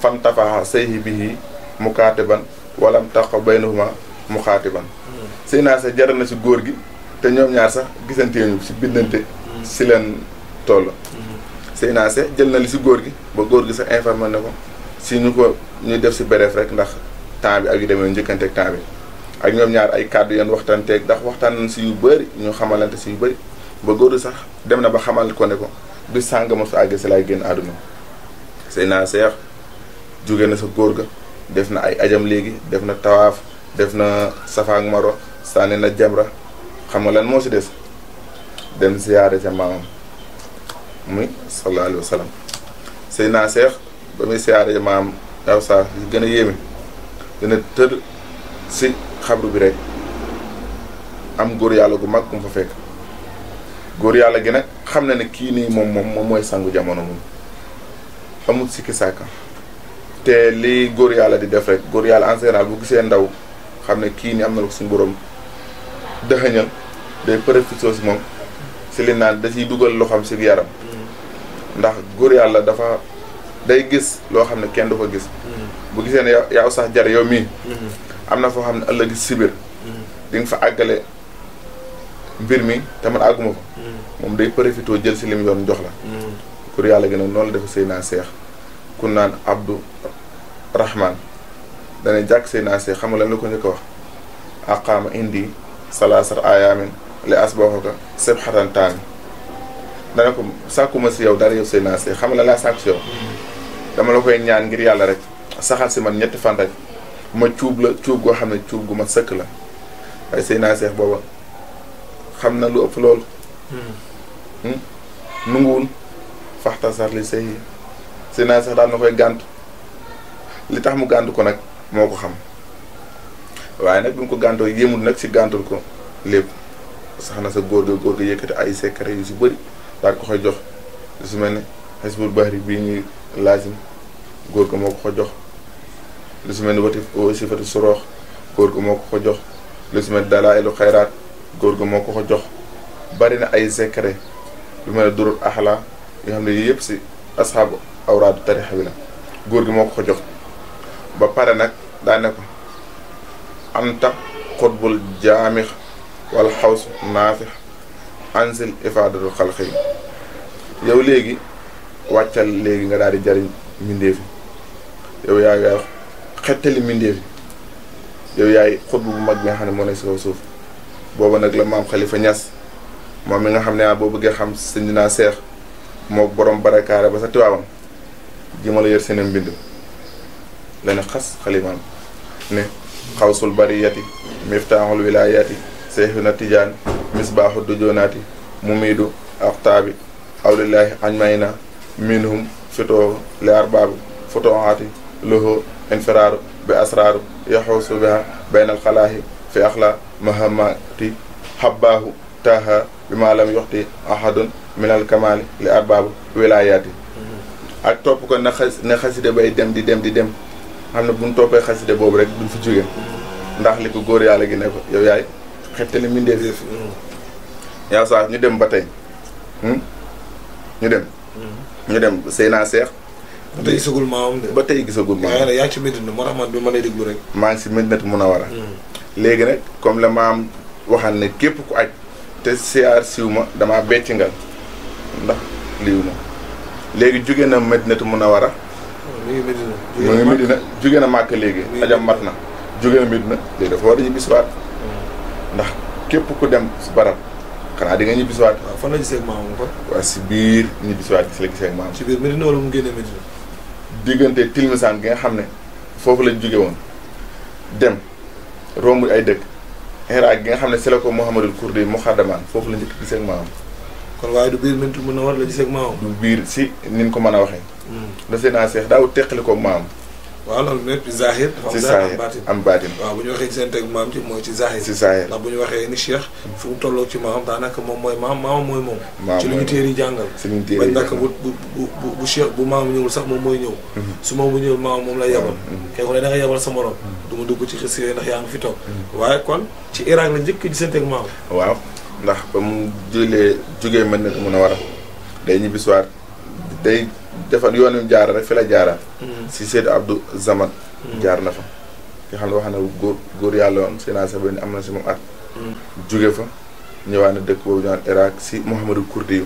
fan tafaxa sayhi bihi mukaatiban walam tax baynahuma mukaatiban hmm. sëy naa sax jaral na si góor gi te ñoom ñaar sax gisante ci si bindante hmm. si leen toll hmm. sëy naa se jël na li si góor gi ba góor gi sax informé ne ko si ñu ko ñu def si bereef rek ndax temps bi ak yu demee njëkkante temps ak ñoom ñaar ay kàddu yan waxtaanteeg ndax waxtaan nañ si yu bëri ñu xamalante si yu bëri ba góoru sax dem na ba xamal ko ne ko bi sàng ma su àggee si laay génn àdduna sëy naa seex jóge na sa góor ga def na ay ajam léegi def na tawaaf def na safa ak maro sànni na jamra xam nga lan moo si des dem siyaare ca maamam muy sallallahu alayhi wa naa seex ba siyaare ca maamam aw saa gën a yéeme dana tëdd si xabru bi rek am góor yàlla gu mag ku mu fa fekk góor yàlla gi nag xam na ne kii nii moom moom moom mooy sangu jamono moom amul sikki sàkka te li góor yàlla di def rek góor yàlla en bu gisee ndaw xam ne kii nii am na lu ko suñu borom dëxëñal day profité si moom si li naan da ciy dugal loo si yaram ndax góor yàlla dafa day gis loo xam ne kenn du ko gis bu gisee ne yow sax jar yow mii mhm. am na foo xam ne ëllëg si biir mhm. nga fa àggale mbir mi te man àgguma ko mhm. moom day profité jël si lim yoon jox la pour yàlla gën a noonu la dafa sëy naa naan Abdou Rahman dana sëy xam nga lan la ko njëkk a wax indi salaasar ayaamin li as boo ko ko sëb xatan taami ko sàkkuma si yow xam nga lan laa dama la koy ñaan ngir yàlla rek saxaar si man ñetti fan rek ma cuub la cuub goo xam ne cuub gu ma sëkk la waaye sëy naa seex booba xam na lu ëpp loolu hmm. hmm? nunguwul faxtasar li sëy naa seex daal na koy gànt li tax mu gànt ko nag moo ko xam waaye nag bi mu ko gàntoo yéemul nag si gàntul ko lépp sax na sa góor ga góor ga yëkkati ay secret yu si bëri daal ko koy jox su mel ne xesbul bahri bii ñuy laazim góor ga moo ko ko jox lu si mel ni wati sifatu góor gu moo ko ko jox lu si mel ni dalaa'ilu xayraat góor gi moo ko ko jox bari na ay secret lu mel ne durul axla yoo xam ne yii yëpp si asxaabu awraadu tarixa la góor gi moo ko ko ba pare nag daa ne ko anta xutbul jaamix wala xaws naafix ansil ifaadatul xalqi yi yow léegi wàccal léegi nga daal di jariñ mbindéefi yow yaa ngi xettali mbindeef yow yaay xutbu bu mag bi nga xam ne moo nekk si kaw suuf booba nag la maam Khalifa Niass moom mi nga xam ne ah boo bëggee xam sëñ naa seex moo borom barakaare ba sa tiwaawam ji la yor seen mbind la ne xas xalimaam ne xawsul bariyati miftaaxul wilaayati seexu na tijaan misbaaxu dujoonaati mumiidu aqtaabi awlilaahi ajmayna minhum fitoo li arbaabi fotoaati loxo infiraaru bi asraaru yaxuusu biha bayn alxalaahi fi axla mahamati habbaahu taaha bi maa yoxti ahadun min alkamaali li arbaabu wilaayaati ak topp ko na xas na xaside bay dem di dem di dem xam ne bu ñu toppee xaside boobu rek duñ fi jóge ndax li ko góor yàlla gi ne ko yow yaay xettali mbindeef yaa saa ñu dem ba tey hmm? ñu dem hmm. ñu Seex ba tey gisagul maamam de. ba tey gisagul maamam yaa ngi ci Medina moo tax man bi ma lay déglu rek. maa ngi si Medina mun a war hmm. léegi nag comme la maam waxaan ne képp ku aj te siyaar siw ma damaa becc ngal ndax liiw ma léegi jóge na Medina mun a war a. mu hmm, ngi Medina mu ngi Medina jóge na màkk léegi. ajam mat na jóge na Medina léegi dafa war a ñibbisiwaat hmm. ndax képp ku dem si barab. xanaa di nga ñibbisiwaat. waaw fan la gisee ak maam ko. waaw si biir ñibbisiwaat gis la gisee ak maam. si biir Medina wala mu génne Medina. diggante Tilmisaan gi nga xam ne foofu lañ jóge woon dem romb ay dëkk Hiraa gi nga xam ne si la ko Mouhamadul Kurdi Muxaddamaan foofu la njëkk a gisee ak kon waaye du biir na Munawara la gisee ak maamam. du biir si ni ñu ko mën a waxee. dafay naa seex daaw teqali ko maamam. waaw loolu lépp zahir dafa am zahir waaw bu ñu waxee seen teg maam ci mooy ci zahir ndax bu ñu waxee ni cheikh fu mu tolloo ci maam daanaka moom mooy maam maam mooy moom ci lu ñu téere yi jàngal bañ naka bu bu bu cheikh bu sax moom mooy ñëw mhm. su maam bu ñëwul moom lay yebal kay ko ne da nga yebal sa morom du ma dugg ci xis yooyu ndax yaa ngi fi toog mhm. waaye kon ci Irak la njëkk di seen teg maam waaw ndax ba mu jëlee jógee mën na mën a war day ñibbi soir day defal yoon wi mu rek fi la jaara hmm. si Seydou Abdou Zaman hmm. jaar na fa nga xam ne wax na góor góor yàlla woon Seydina ne am na si moom at hmm. jóge fa ñëwaat na dëkk boobu ñu naan Irak si Mouhamadou Kourdi yu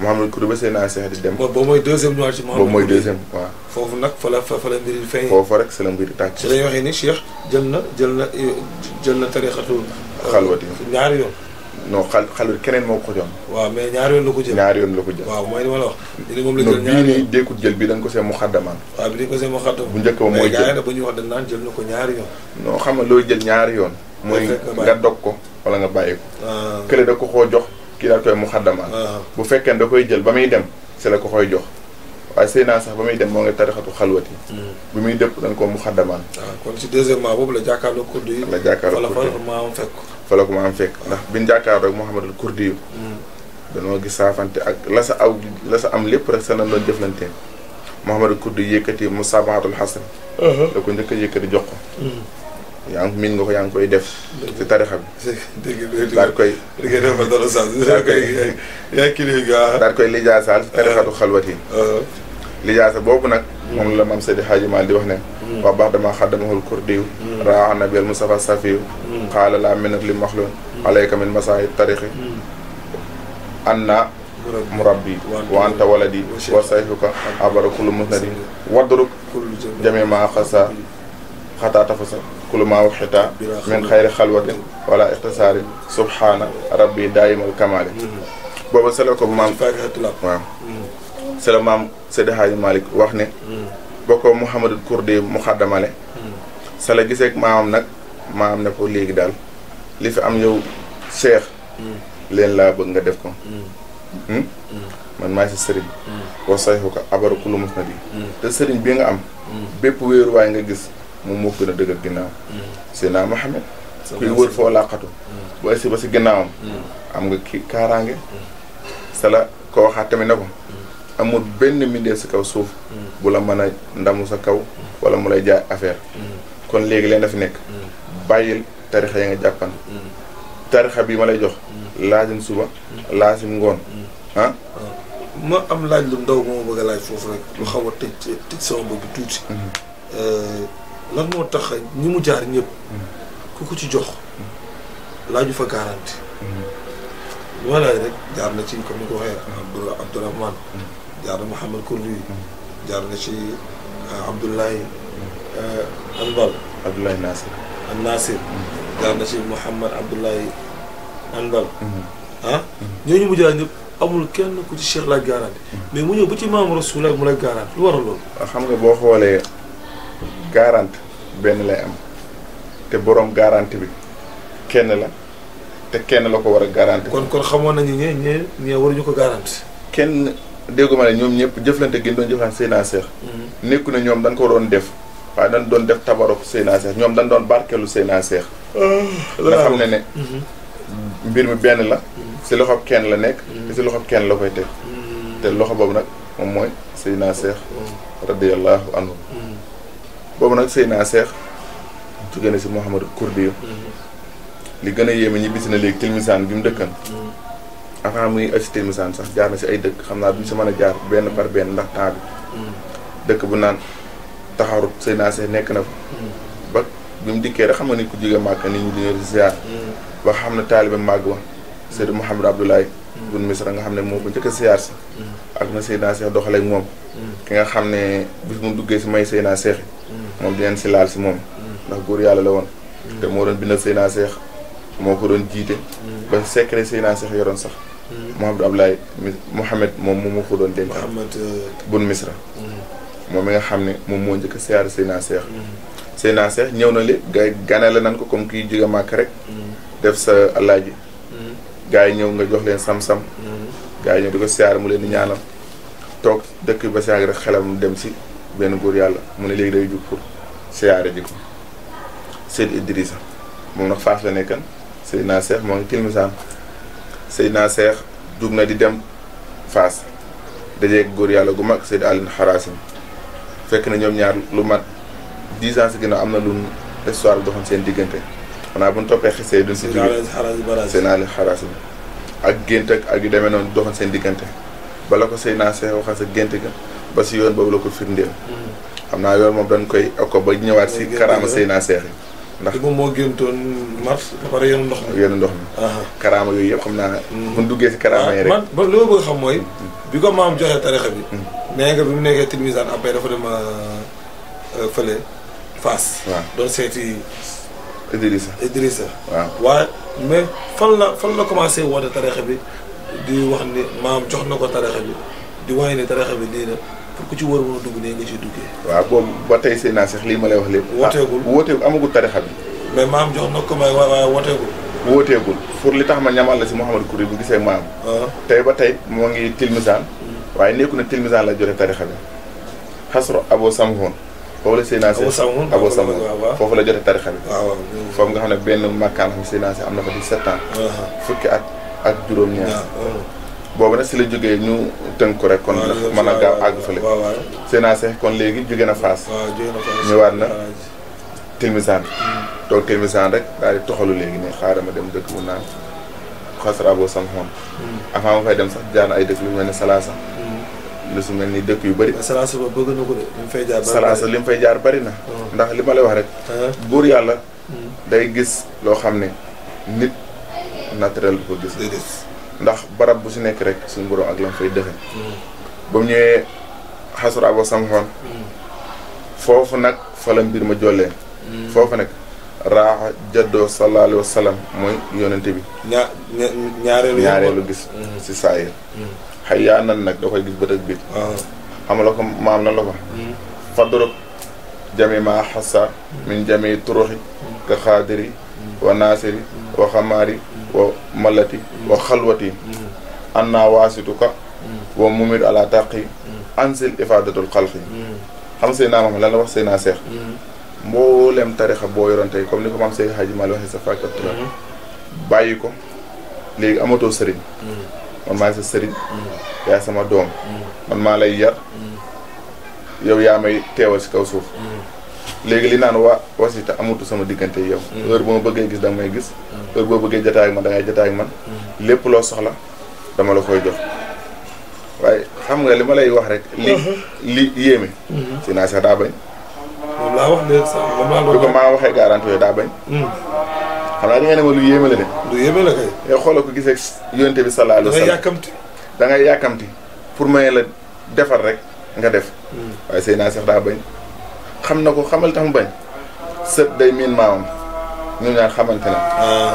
Mouhamadou Kourdi ba Seydina Cheikh di dem boobu mooy deuxième ñëwaat si Mouhamadou boobu mooy deuxième waaw foofu nag fa la fa la mbir yi feeñ foofu rek sa la mbir yi tàcc si lañuy waxee ni Cheikh jël na jël na jël na tarixatu xalwati ñaari yoon non xal xalul keneen moo ko joon waaw mais ñaari yoon la ko jël ñaari yoon la ko jël waaw mooy li ma la wax jël bii nii ko see mu bu njëkk ba mooy jël mais bu ko ñaari yoon xam nga looy jël ñaari yoon mooy nga ko wala nga bàyyi ko kële ko koo jox kii mu xaddamaan bu fekkee da koy jël ba muy dem si la ko koy jox waaye sëy naa sax ba muy dem moo ngi tarixatu xalwati bu muy dëpp dañ ko mu xaddamaan kon si deuxièmement boobu la jàkkaarloo ko yi la jàkkaarloo kudd yi wala fa maam fekk fa la ko ma am fekk ndax bin jàkkaarloog Mouhamadul Kurdi yu danoo saafante ak la aw la am lépp rek sa nan doon jëflantee Mouhamadul Kurdi yëkkati mu xasan uh-huh. la ko njëkk a yëkkati jox ko mm. yaa ngi miin nga ko yaa ngi koy def ci tarixa bi daal koy daal koy lijaasal tarixatu xalwat lijaasa boobu nag moom la mam Seydi Mal di wax ne mm. waa baax damaa xaddamahul kurdiyu mm. raa nabiel Mustafa safiyu xaala mm. la minat li maxlun alayka min masaayi tarixi anna murabbi wa anta waladi wa sayfuka abara kullu musnadin wadruk jami ma xasa xataa ma waxita min xayri xalwatin wala ixtisaarin subhaana rabbi daayimal kamaali booba sele ko bu maam waaw c'est le maam Seydi Hadji Malick wax ne mu Mouhamadul Kurdi mu xaddamale sa la giseeg maamam nag maam ne ko léegi daal li fi am yow seex leen laa bëgg nga def ko hmm? man maay sa sëriñ wa sayxuka abaru kulu mos te sëriñ bi nga am bépp wéeruwaay nga gis moom moo gën a dëgg ak ginnaaw Seydina Mohamed kuy wër foo làqatu bu agsi ba si ginnaawam am nga kii kaaraange sa la ko waxaat tamit ne ko amul benn mbindeef si kaw suuf mm. bu la mën a ndamu sa kaw wala mu lay jaar affaire mm. kon léegi leen dafi nekk mm. bàyyil tarixa ya nga jàppan tarixa bi ma lay jox laajum suba laasim ngoon ah ma am laaj ndaw moo bëgg rek lu xaw a tëj tëj sama mm-hmm. euh, tax ñi mu jaar mm-hmm. ko ci jox mm-hmm. laaju fa garanti wala na ci ko waxee jaar na Mouhamed Kourdi jaar na ci euh, Abdoulaye euh, Anbal Abdoulaye Nasir an Nasir jaar na ci Mouhamed Abdoulaye Anbal mhm. ah ñooñu mu jaar ñëpp amul kenn ku ci Cheikh laaj garanti mhm. mais mu ñëw ba ci maam Rasul mu lay garanti lu waral loolu ah, xam nga boo xoolee garanti benn lay am te boroom garanti bi kenn la te kenn la ko war a garanti kon kon xamoon nañu ñee ñee ñee waruñu ko garanti kenn dégguma ne ñoom ñëpp jëflante gi ñu doon jëflante Seydina Cheikh mm-hmm. nekku na ñoom dañ ko doon def waaye dañ doon def tabarok Seydina Cheikh ñoom dañ doon barkeelu Seydina Cheikh ah, nga xam ne ne mm-hmm. mbir mi benn la si mm-hmm. loxob kenn la nekk te si loxob kenn la koy teg te loxo boobu nag moom mooy Seydina Cheikh radiyallahu anhu boobu nag Seydina Cheikh jóge na si Mouhamadou Kourdi li gën a yéeme ñibbisi na léegi tilmisaan bi mu dëkkan avant muy assisté misaan sax jaar na si ay dëkk xam naa duñ si mën a jaar benn par benn ndax temps mm. dëkk bu naan taxarut say naase nekk na fa. Mm. ba bi xam nga ni ku jóge màgg nit ñi dañoo ziar. Mm. ba xam ne taaliba màgg wa Seydou Mouhamed Abdoulaye. bun misra nga xam ne moo ko njëkk a ziar si. ak na say naase doxalee moom. ki nga xam ne bis mu duggee si may say naa seex moom dinañ si laal si moom. ndax góor yàlla la woon. te moo doon bindal say naa seex moo ko doon jiite. ba secret si naa sax yoroon sax. Hmm. Mouhamadou Abdoulaye moom mu ma ko doon dénkaan. Mouhamed euh, bun Misra. Hmm. moom mi nga xam ne moom moo njëkk a siyaar Seyna Seex. Hmm. Seyna Seex ñëw na li gars yi ganale nan ko comme kiy jóge màkk rek. def sa alaaji. gars yi ñëw nga jox leen sam-sam. gars yi ñëw di ko siyaar mu leen di ñaanal. toog dëkk ba siyaar rek xelam dem si benn góor yàlla mu ne léegi day jug pour siyaare ji ko Seyd Idrissa moom nag faas la nekkan. Seydina Cheikh moo ngi Tilmisaan Seydina Cheikh jug na di dem Faas dajeeg góor yàlla gu mag Seydou Alioune Xaraasim fekk na ñoom ñaar lu mat dix ans si ginnaaw am na lu histoire bu doxoon seen diggante xanaa bu ñu toppee xisee duñ si jógee Seydina Alioune Xaraasim ak gént ak yu demee noonu doxoon seen diggante bala ko Seydina Cheikh waxal sa gént ga ba si yoon boobu la ko firndeel mm. xam naa yoon moom dañ koy okko ba ñëwaat si karaama Seydina Cheikh yi ndax moom moo géntoon mars ba yenn ndox mi yenn ndox mi karaama yooyu yëpp xam naa ne mm-hmm. duggee si karaama yi ah, rek man ba loolu bëgg xam mooy mm-hmm. bi ko maam joxee tarixa bi mm-hmm. nee nga bi mu nekkee tilmisaan après dafa dem euh, euh, fële Fass waaw doon seeti Idrissa Idrissa waaw waaye mais fan la fan la commencé woote tarixa bi di wax ni maam jox na ko tarixa bi di waye ni tarixa bi lii na ku ci wër woon dugg nii nga ciy duggee. waaw boobu ba tey seen lii ma lay wax lépp. wooteegul ah wooteegul amagul tarixa bi. mais maam jox na ko may waaye wooteegul. wooteegul pour li tax ma ñamal la si Mouhamadou Kouri bu gisee maam. Ah. tey ba tey moo ngi tilmisaan. waaye nekku na tilmisaan la joxe tarixa bi xasro abo samhoon foofu la séenacé abo samhoon foofu la jote tarixa bi foofu nga xam ne benn makkaan xam am na fa di sept ans ah, ah. fukki at ak juróom ñaar boobu nag si la jógee ñu tënk ko rek kon man a gaaw àgg fële Seydina Cheikh kon léegi jóge na Fass ñëwaat na Tilmisaan hmm. toog Tilmisaan rek daal di toxalu léegi ne xaaral ma dem dëkk bu naan xasara boo sam xoon hmm. avant ma fay dem sax jaar ay dëkk lu mel ne Salasa hmm. lu su mel ni dëkk yu bari Salasa ba bëgg na ko de li fay jaar Salasa li mu fay jaar bëri na ndax li ma lay wax rek buur yàlla day gis loo xam ne nit naturel bu ko gis ndax barab bu si nekk rek si borom ak lam fay dëxëñ mm. ba mu ñëwee xasra ba samxoon foofu nag fa mbir ma jollee mm. foofu nag raaxa jaddoo sallallahu alayhi wa sallam mooy yonente bi ñaareelu gis mm. si saa xay yaa nan nag da koy gis bët ak ah. xam la maam na la ko fadruk jami ma xasa min jami turuxi ka xaadiri wa naasiri wa xamaari wa malati wa xalwati mm. an naa waasituka mm. wa mumir la taqi mm. ansil ifadatul xalqi xam sëy naa maam lan la wax sëy seex mboolem tarixa boo yoroon tey comme ni ko maam Seydi Hadji Malick waxee sa fàkk tura bàyyi ko léegi amatoo sëriñ man maay sëriñ yaay sama doom man maa lay yar yow yaa may teewal si kaw suuf léegi li naan waa wasita amatu sama diggante yow mm. heure boo ma bëggee gis da may gis mm. heure boo bëggee jataay ak man da ngay ak man mm. lépp loo soxla dama la koy jox waaye xam nga li ma lay wax rek li uh-huh. li yéeme si naa sax daa bañ laa ko maa waxee garanti yooyu daa bañ xam naa da ngay ne ma lu yéeme la de lu yéeme la kay yow eh, xoolal ko gisee yonte bi sallallahu alayhi wa sallam yàkkamti da yàkkamti pour may la defar rek nga def waaye sëy naa sax daa bañ xam na ko xamal tax mu bañ sët day miin maamam ñu ñaar xamante ne ah.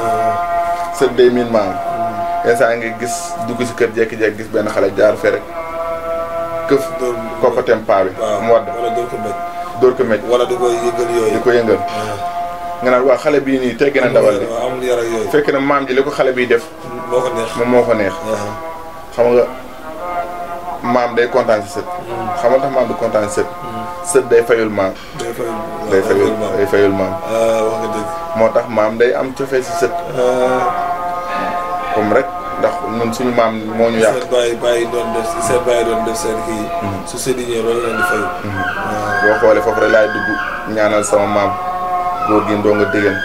sët day miin maamam hmm. instant ngi gis dugg si kër jekki-jekki gis benn xale jaar fee rek këf koko tempaa bi mu wadd dóor ko mecc wala di ko yëngal ko yëngal ah. nga naan waa xale bii nii tegg a ndawal bi fekk na maam ji li ko xale bii def moom moo ko neex ah. xam nga maam day kontaan si sët hmm. xamal tax maam du kontaan si sët hmm. sët day fayul maam. day moo tax maam day am cofee si sët. Ah. comme rek ndax ñun suñu maam moo ñu yàq. seen bàyyi bàyyi doon def seen bàyyi kii. Mm-hmm. su mm-hmm. ah. boo xoolee foofu rek laay dugg ñaanal sama maam góor gi ndongo déggan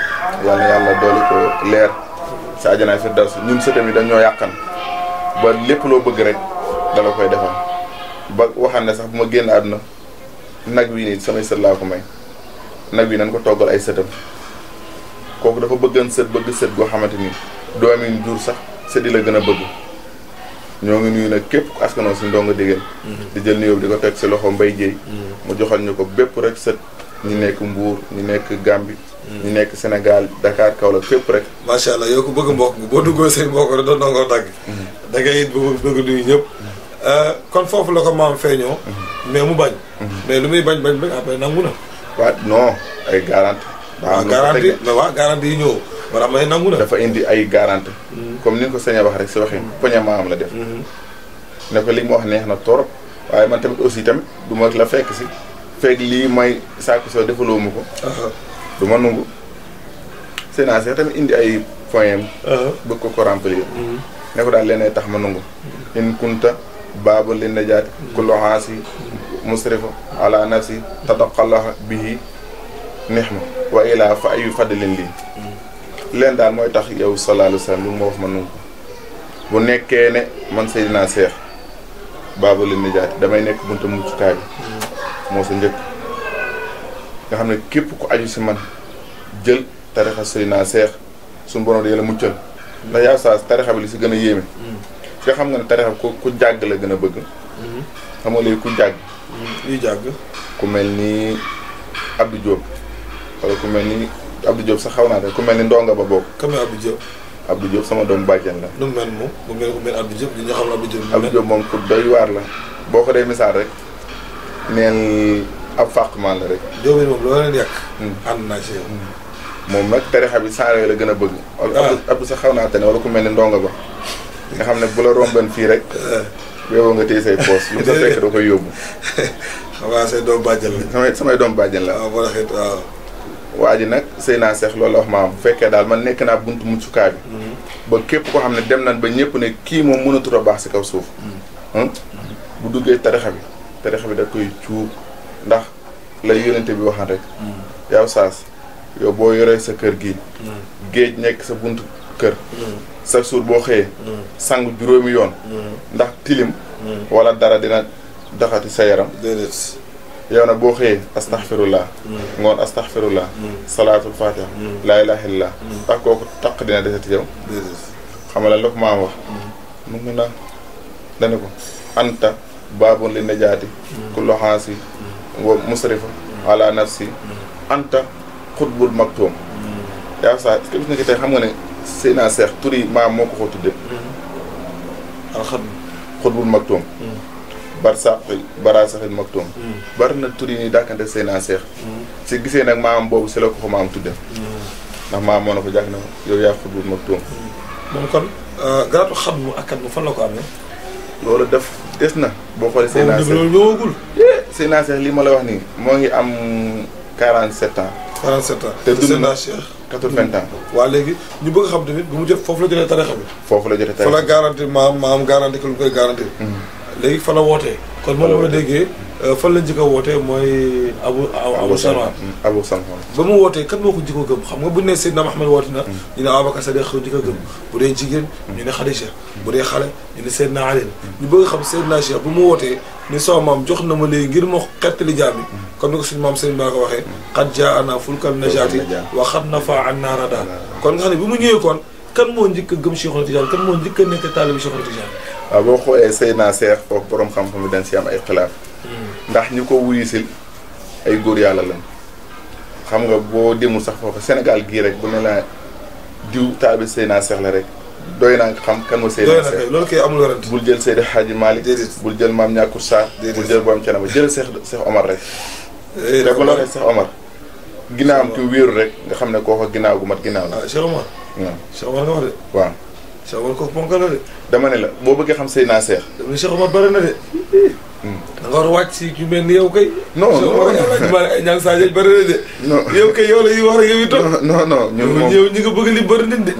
yàlla yàlla dooli ko leer sa àjjana firdaws ñun sëtam yi dañoo yàqan ba lépp loo bëgg rek dala koy defal ba waxaan ne sax bu ma génn àdduna. nag wi nii samay sët laa ko may nag wi nañ ko toggal ay sëtam kooku dafa bëggan sët bëgg set goo xamante ni doom yi jur sax sët yi la gën a bëgg ñoo ngi nuyu nag képp askanoo si ndongo déggal mm-hmm. di jël nuyoo bi di ko teg si loxo mbay jéey mm-hmm. mu joxal ñu ko bépp rek set ñu nekk Mbour ñu nekk Gambie mm-hmm. ñu nekk senegal Sénégal kaw la fépp rek macha allah yow ko bëgg mi boo duggoo say mbokk rek doon nangoo dagg da ngay bëgg nuyu ñëpp Euh, kon foofu la ko maam feeñoo. Mhm. mais mu bañ. Mhm. mais lu muy bañ bañ bañ après nangu na. waaw non ay garante waaw garanti mais ah, waaw garanti yi ñëw. maanaam ay nangu na. dafa indi ay garanti. Mhm. comme ni nga ko sañee wax rek si waxin. poñe maam la def. ne ko li mu wax neex na torop waaye man tamit aussi tamit du ma la fekk si fekk lii may saako soo defaloo ma ko. du ma nangu. tamit indi ay points am. ko ko remplir. ne ko daal leneen tax ma nangu. in kunta. baabu li najaati kullu haasi musrifa ala nafsi tataqallah bihi nihma wa ilaa fa ayu fadlin lii leen daal mooy tax yow sallallahu alayhi wa sallam lu ma wax ma nungu ko bu nekkee ne man Seydina Seex baabu li najaati damay nekk bunta muccukaay bi moo sa njëkk nga xam ne képp ku aju si man jël tarixa Seydina Seex suñu borom di yàlla muccal ndax yaa saas tarixa bi li si gën a yéeme te xam nga ne tarixa ku ku jàgg la gën a bëgg. Mhm. xam nga ku jàgg. liy mhm. jàgg. ku mel ni Abdou jóob wala ku mel ni Abdou Diop sax xaw naa ne ku mel ni ndonga ba bokk. ku mel Abdou Diop. Abdou Diop sama doomu bàjjen la. nu bu mel ku mel Abdou Diop waar la boo ko dee rek neel ab fàqman la rek. Diop moom hmm. hmm. la gën a bëgg. waaw ah. xaw naa te ne wala ku mel ni ndonga ba. li nga xam ne bu la romban fii rek. yow nga téye say poos lu mu sa fekk da koy yóbbu. xamaa say doom bàjjen la. samay samay doom bàjjen la. waaw wala xeet waaw. waa ji nag sëy naa seex loolu wax maam bu fekkee daal man nekk naa buntu muccukaay bi. Mhm. ba képp koo xam ne dem nañ ba ñëpp ne kii moom mënatul a baax si kaw suuf. Mhm. Hmm? bu duggee tarixa bi tarixa bi da koy cuub ndax la yónnente bi waxaan rek. Mhm. yow saas yow boo yoree sa kër gi géej nekk sa buntu kër. chaque jour boo xëyee. Mm. sangu juróomi yoon. Mm. ndax tilim. Mm. wala dara dina daxati sa yaram. yow nag boo xëyee astaxfirullah ngoon astaxfirullah salaatul fatiha laa ilaaha illallah kooku taq dina desati yow xam nga la ko maam wax mu ngi naa dane ko anta baabun li najaati kullu xaasi musrifa ala nafsi anta xutbul maktuum yaa saa est xam nga ne Seyna Seex turi maam moo ko ko tudde mm-hmm. alxam xutbul maktoom mm-hmm. bar sàq bara saxil maktoom mm-hmm. bari na turi ni dàkkante Seyna Seex si gisee nag maam boobu si la ko ko maam tudde ndax maam moo na ko jàkk na yow yaa xutbul maktoom moom kon euh, garaatu xam mu ak kat bu fan ko amee loolu def des na boo xoolee Seyna Seex loolu eh, li ma la wax nii moo ngi am quarante sept ans quarante sept ans te dund na Seex quatre-vingts waaw léegi ñu bëgg xam tamit bu mu jot foofu la jotee tarixa bi. foofu la jotee tarixa bi fa la garanti maam maam garanti ko lu koy mm-hmm. léegi fa la wootee. kon moom la ma déggee euh, fan la njëkk a wootee mooy. abu abu salman mm-hmm. abu salman ba mu wootee kan moo ko jikko a gëm xam nga bu ñu nee Seydina Mahamad woote na. Mm-hmm. ñu ne Ababacar Sadiq xew njëkk gëm. bu dee jigéen ñu ne Khadija. bu dee xale ñu ne Seydina Ali ñu bëgg xam Seydina Cheikh bu mu wootee ni sama maam jox na ma léegi ngir ma xettali jaam yi comme ni ko suñu maam sëriñ baa wa xat nafa an naarada kon nga xam ne bi mu ñëwee kon kan moo njëkk a gëm Cheikhoul Tidiane kan moo njëkk a nekk taalibi Cheikhoul Tidiane waaw boo xoolee sëy naa seex foofu borom xam-xam bi si am ay xilaaf hmm. ndax ñu ko wuyisil ay góor yàlla lañ xam nga boo demul sax foofu Sénégal gi rek bu ne la diw taalibi sëy naa rek doy naa xam kan ma Seydi Seex loolu kay bul jël Seydi Xaaji Malik bul jël maam ñàkku Sarr bul jël boam cana ba jël Seex Seex Omar rek te bu la waxee Seex Omar ginnaawam ki wéeru rek nga xam ne kooku ginnaaw gu mat ginnaaw la ah, Seex Omar Seex Omar nga wax de waaw Seex Omar kooku ponk la de dama ne la boo bëggee xam Seydina Seex Seex Omar bëri na de da nga war a wàcc si ju mel ni yow kay. no non non ñaan saa yëpp bëri na yow la ñuy wax yow itam. non non ñi nga bëgg li bëri nañ de.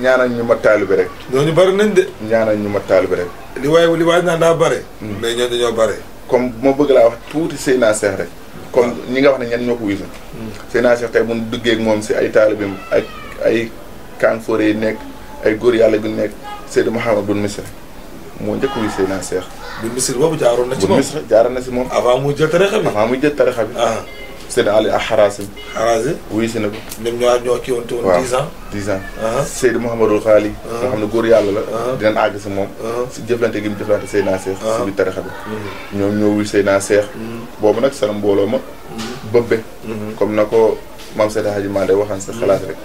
ñaanal ñu ma taalu bi rek. ñooñu bëri nañ de. ñaanal ñu ma bi rek. li waay li waay naan daa bare. Mm. mais ñooñu dañoo bare. comme moo bëgg laa wax tuuti Seyna Cheikh rek. comme ah. ñi nga wax ne ñenn ñoo ko wisu. Mm. Seyna Cheikh tey bu ñu moom si ay taalibeem ak ay kanfoore yi nekk ay góor yàlla bi nekk Seydou Mouhamed Boun Missiré moo njëkk wuy Seydina Cheikh. bu Misir boobu jaaroon na ci moom bu na si moom. avant muy jël tarixa bi avant muy jël tarixa bi. Ah. Seydina Ali wuy si na ko. ñoom ñoo ñoo kii woon woon dix ans. dix ans ah. Seydou Mouhamadou Xaali. Ah. nga xam ne góor yàlla la. dinañ àgg si moom. si jëflante gi mu jëflante Seydina Cheikh. si biir tarixa bi. Mm-hmm. ñoom ñoo wuy Seydina Cheikh. Mm-hmm. boobu nag seen mbooloo ma. Mm-hmm. bëbbe. comme na ko maam Seydi Hadji Malick waxaan sa xalaat rek.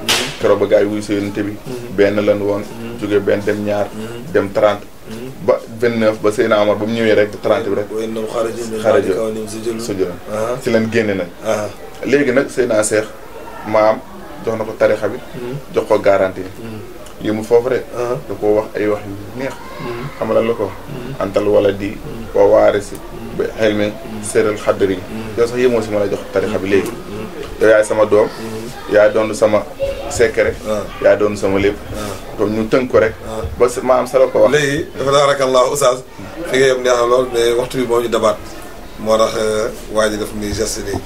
keroog ba gars yi wuy si yonente bi. benn lan woon. jóge benn dem ñaar dem trente ba 29 ba Seydina Omar ba mu ñëwee rek 30 bi rek. xarajo sujjul ah. ci leen génne nañ. Ah. léegi nag Seydina Seex maam jox na ko tarixa bi. Hmm. jox ko garantie hmm. yi. mu foofu rek. Ah. da koo wax ay wax neex. Hmm. xam nga la ko. antal wala di. wa waare si. ba xel mi séeral xaddar yi. yow sax yéemoo si mën a jox tarixa bi léegi. yow yaay sama doom. yaa doon sama sekk rek ah. yaa doon sama lépp. comme ah. ñu tënk ko rek. Ah. ba sa maam sa la ko wax. léegi dafa tabaarakallaahu oustaz fi nga yem neex na lool mais waxtu bi moo ñu dabaat moo tax euh, waa ji daf ni geste nii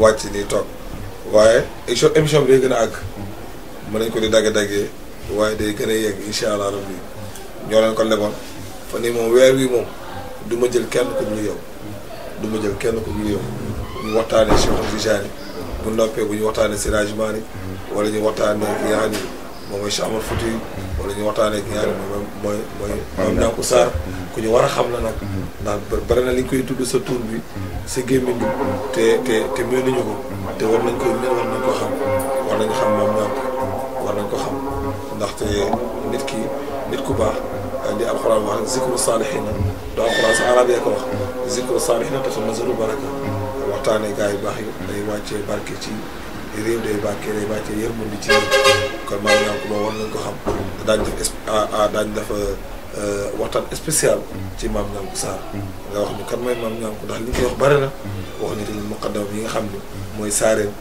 wàcc nii toog waaye émission bi day gën a àgg. mën nañ ko di dagge daggee waaye day gën a yegg incha allah rabbi ñoo leen ko leboon fa moom weer wi moom du ma jël kenn ku dul yow du ma jël kenn ku dul yow ñu waxtaanee si waxam si bu noppee bu ñu waxtaanee si rajement yi mhm. wala ñu waxtaanee ki nga xam ne moom mooy Cheikh Amar Fouti mhm. wala ñu waxtaanee ki nga xam ne moom mooy mooy moom Ñanku Sarr mhm. ku ñu war a xam la nag ndax bari na li ñu koy tudd sa tur bi sa gémmiñ bi te te te mënuñu ko te war nañ ko war nañ ko xam war nañ xam moom Ñanku war nañ ko xam ndaxte nit ki nit ku baax eh, di alxuraan wax zikru saalihiina do alxuraan sa arab ko wax zikru saalihiina te fa nazaru baraka waxtaanee gars yu baax yi. day wàccee barke ci réew day bàkkee day wàccee yërmande ci kon maa ngi ko loolu war nañ ko xam. daañu def ah, ah, daañu def euh, euh, waxtaan spécial. ci maam Niankou Sarr. nga wax ni kan mooy maam Niankou ndax li ñu bari na. wax ni yi nga xam ni. mooy saareen.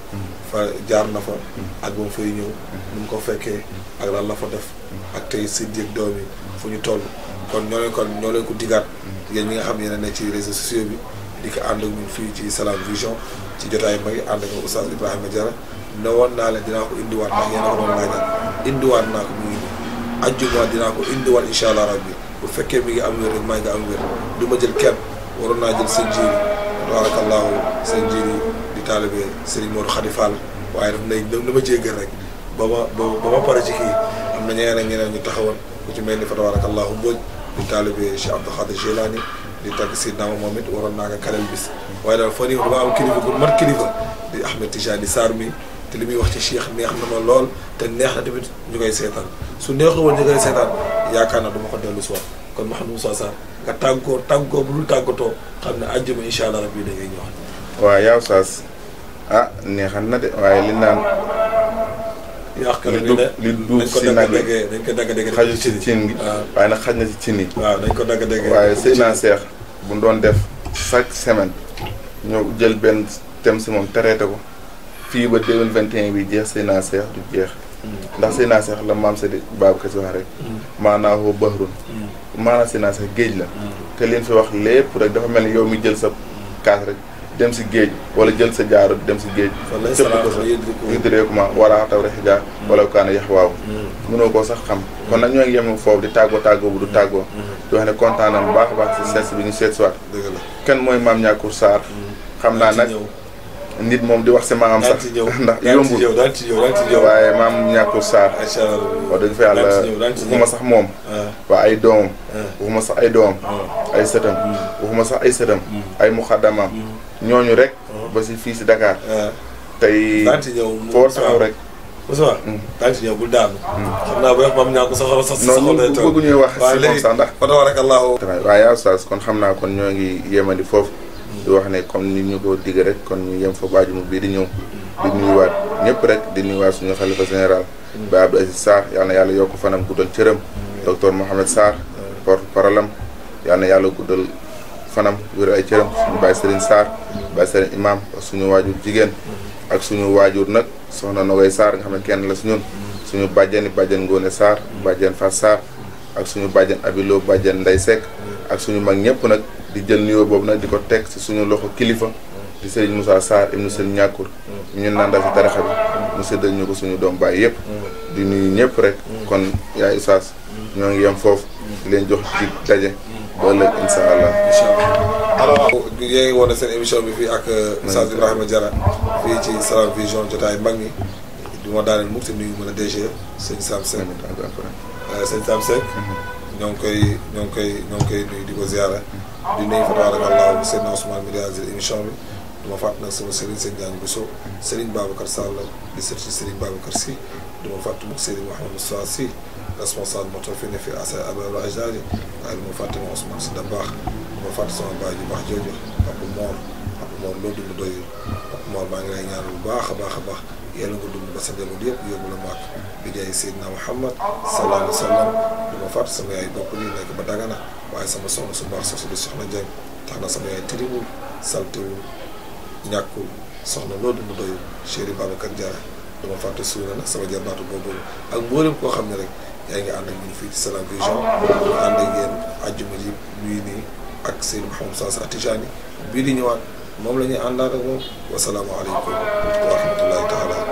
fa jaar na fa. ak ba mu fay ñëw. nu mu ko fekkee ak lan la fa def. ak tey si jéeg doom yi fu ñu toll. kon ñoo leen kon ñoo leen ko digaat. yéen ñi nga xam ne yéen ne ci réseaux sociaux bi. di ko ànd ak ñun fii ci Salam Vision ci jotaay bi may ànd ak Oustaz Ibrahima Diarra ne woon naa leen dinaa ko indiwaat ndax yéen a ko indiwaat naa ko mu ngi nii ajjuma dinaa ko indiwaat incha allah rabbi bu fekkee mi ngi am wér rek maa ngi am wér du ma jël kenn waroon naa jël seen jiiri tabaarakallaahu seen jiiri di taalibe Serigne Modou Khady Fall waaye daf nay na ma jéggal rek ba ma ba ma pare ci kii am na ñeneen ak ñeneen ñu taxawoon ku ci mel ni fa tabaarakallaahu Mbodj di taalibe Cheikh Abdou Khadir Jilani di tagg si dama moom it waroon naa nga kanam bis waaye daal fan yii dafa am kilifa bu mat kilifa di Ahmed Tijani Sarr mi te li muy wax ci Cheikh neex na ma lool te neex na tamit ñu koy seetaan su neexul woon ñu koy seetaan yaakaar na du ma ko dellu si waat kon Mouhamadou Moussa Sarr nga tàggoo tàggoo bu dul tàggatoo xam ne àjjuma incha allah rabbi da ngay ñëwaat. waaw yow Saas ah neexal na de waaye li naan. yàq li du li du si nag dañ ko dagg dégg xaju ci cin gi ah. waaye nag xaj na ci cin yi ah, dañ ko dagg dégg waaye sëñ naa seex bu ñu doon def chaque semaine ñoo jël benn thème si moom traité ko fii ba 2021 bi jeex sëñ naa seex du jeex hmm. ndax sëñ seex la maam Seydi Babacar Si wax rek maanaam woo baxrun maanaam sëñ seex géej la hmm. te leen fi wax lépp rek dafa mel ni yow mi jël sa hmm. kaas rek dem si géej wala jël sa jaaro dem si géej cëpp ko sa yuddireekuma wala taw rek jaar mm. wala kaana yax waaw mm. mënoo koo sax xam mm. kon nag ñoo ngi yem foofu di tàggoo tàggoo bu du tàggoo di wax ne kontaan na bu baax a baax si seet bi ñu seet siwaat kenn mooy maam ñàkkur Sarr xam naa nag nit moom di wax si maam sax ndax yombul waaye maam ñàkkul saar wax dëgg fa yàlla waxuma sax moom ah. waa ay doomam ah. waxuma sax ay doomam ah. ay sëtam waxuma sax ay sëtam ay muxaddamaam ñooñu rek. ba si fii si Dakar. Ah. tey foo taxaw rek. Moussa. Hmm. daal ci ñëw bul daanu. Hmm. xam naa bu wax maam ñaar sa xol sa sa ñuy wax si comme ça ndax. waaye yaa Oustaz kon xam naa kon ñoo ngi yemandi foofu. Hmm. di wax ne comme ni ñu ko digg rek kon ñu yem fa baajuma bii di ñëw. di nuyuwaat ñëpp rek di nuyuwaat suñu xalifa général. Baye Abdou Aziz Sarr yal yàlla yokk fanam guddal cëram. docteur Mohamed Sarr. porte parole am yal yàlla guddal. fanam wér ay cëram suñu baay Serigne Sarr baay Serigne Imam suñu waajur jigéen ak suñu waajur nag soxna Nogoy Sarr nga xam ne kenn la suñu suñu bàjjeni bàjjen Ngone Sarr bàjjen Fass Sarr ak suñu bàjjen Abilo bàjjen Ndey Seck ak suñu mag ñëpp nag di jël nuyoo boobu nag di ko teg si suñu loxo kilifa di Serigne Moussa Sarr ibnu Serigne Ñàkkur ñu nandal si tarixa bi mu séddal ñu ko suñu doom bàyyi yëpp di nuyu ñëpp rek kon yaay Oustaz ñoo ngi yem foofu leen jox ci daje ba ëllëg incha allah. incha allah alors. yaa bi fii ak. Euh, Oustaz Ibrahima Diarra fii ci Salam jotaay mag ñi. du ma daaneel mukk te nuyu ma la DG sëñ Sam Seck. Euh, sëñ Sam Seck. Mhm. ñoo ngi koy ñoo koy ñoo ngi koy nuyu di ko ziara. di nuyu fa tabarakallah seen Ousmane mi réalisé émission bi. duma fàtt nag sama Serigne Sëñ Diagne Bousso Serigne Babacar Sall di sët si Serigne Babacar Sy duma fàtt mukk Serigne Mouhamadou Sow Sy responsable moto fi ne fi asa abal ajdaari waaye lu ma fàtte ma Ousmane si da baax lu ma fàtte sama baay ju baax jooju Papa Mor Papa Mor loolu dund doyul Papa Mor maa ngi lay ñaan bu baax a baax a baax yàlla nga dund ba sa njaboot yëpp yóbbu la màgg bi jaay Seydina Muhammad sallallahu alayhi wa sallam lu ma fàtte sama yaay bopp lii nekk ba dagana waaye sama soxna su baax soxna di soxna Jeng tax na sama yaay tëriwul saltewul ñàkkul soxna loolu dund doyul chéri Babacar Diarra dama fàtte suuna nag sama jarbaatu boobu ak mboolem koo xam ne rek yaa ngi ànd ak ñun fii ci Salam Vision ñu ànd ak yéen àjjuma ji bii nii ak Seydou Mouhamed Sass Atijani bii di ñëwaat moom la ñuy àndaat ak moom wasalaamualeykum wa rahmatullahi taala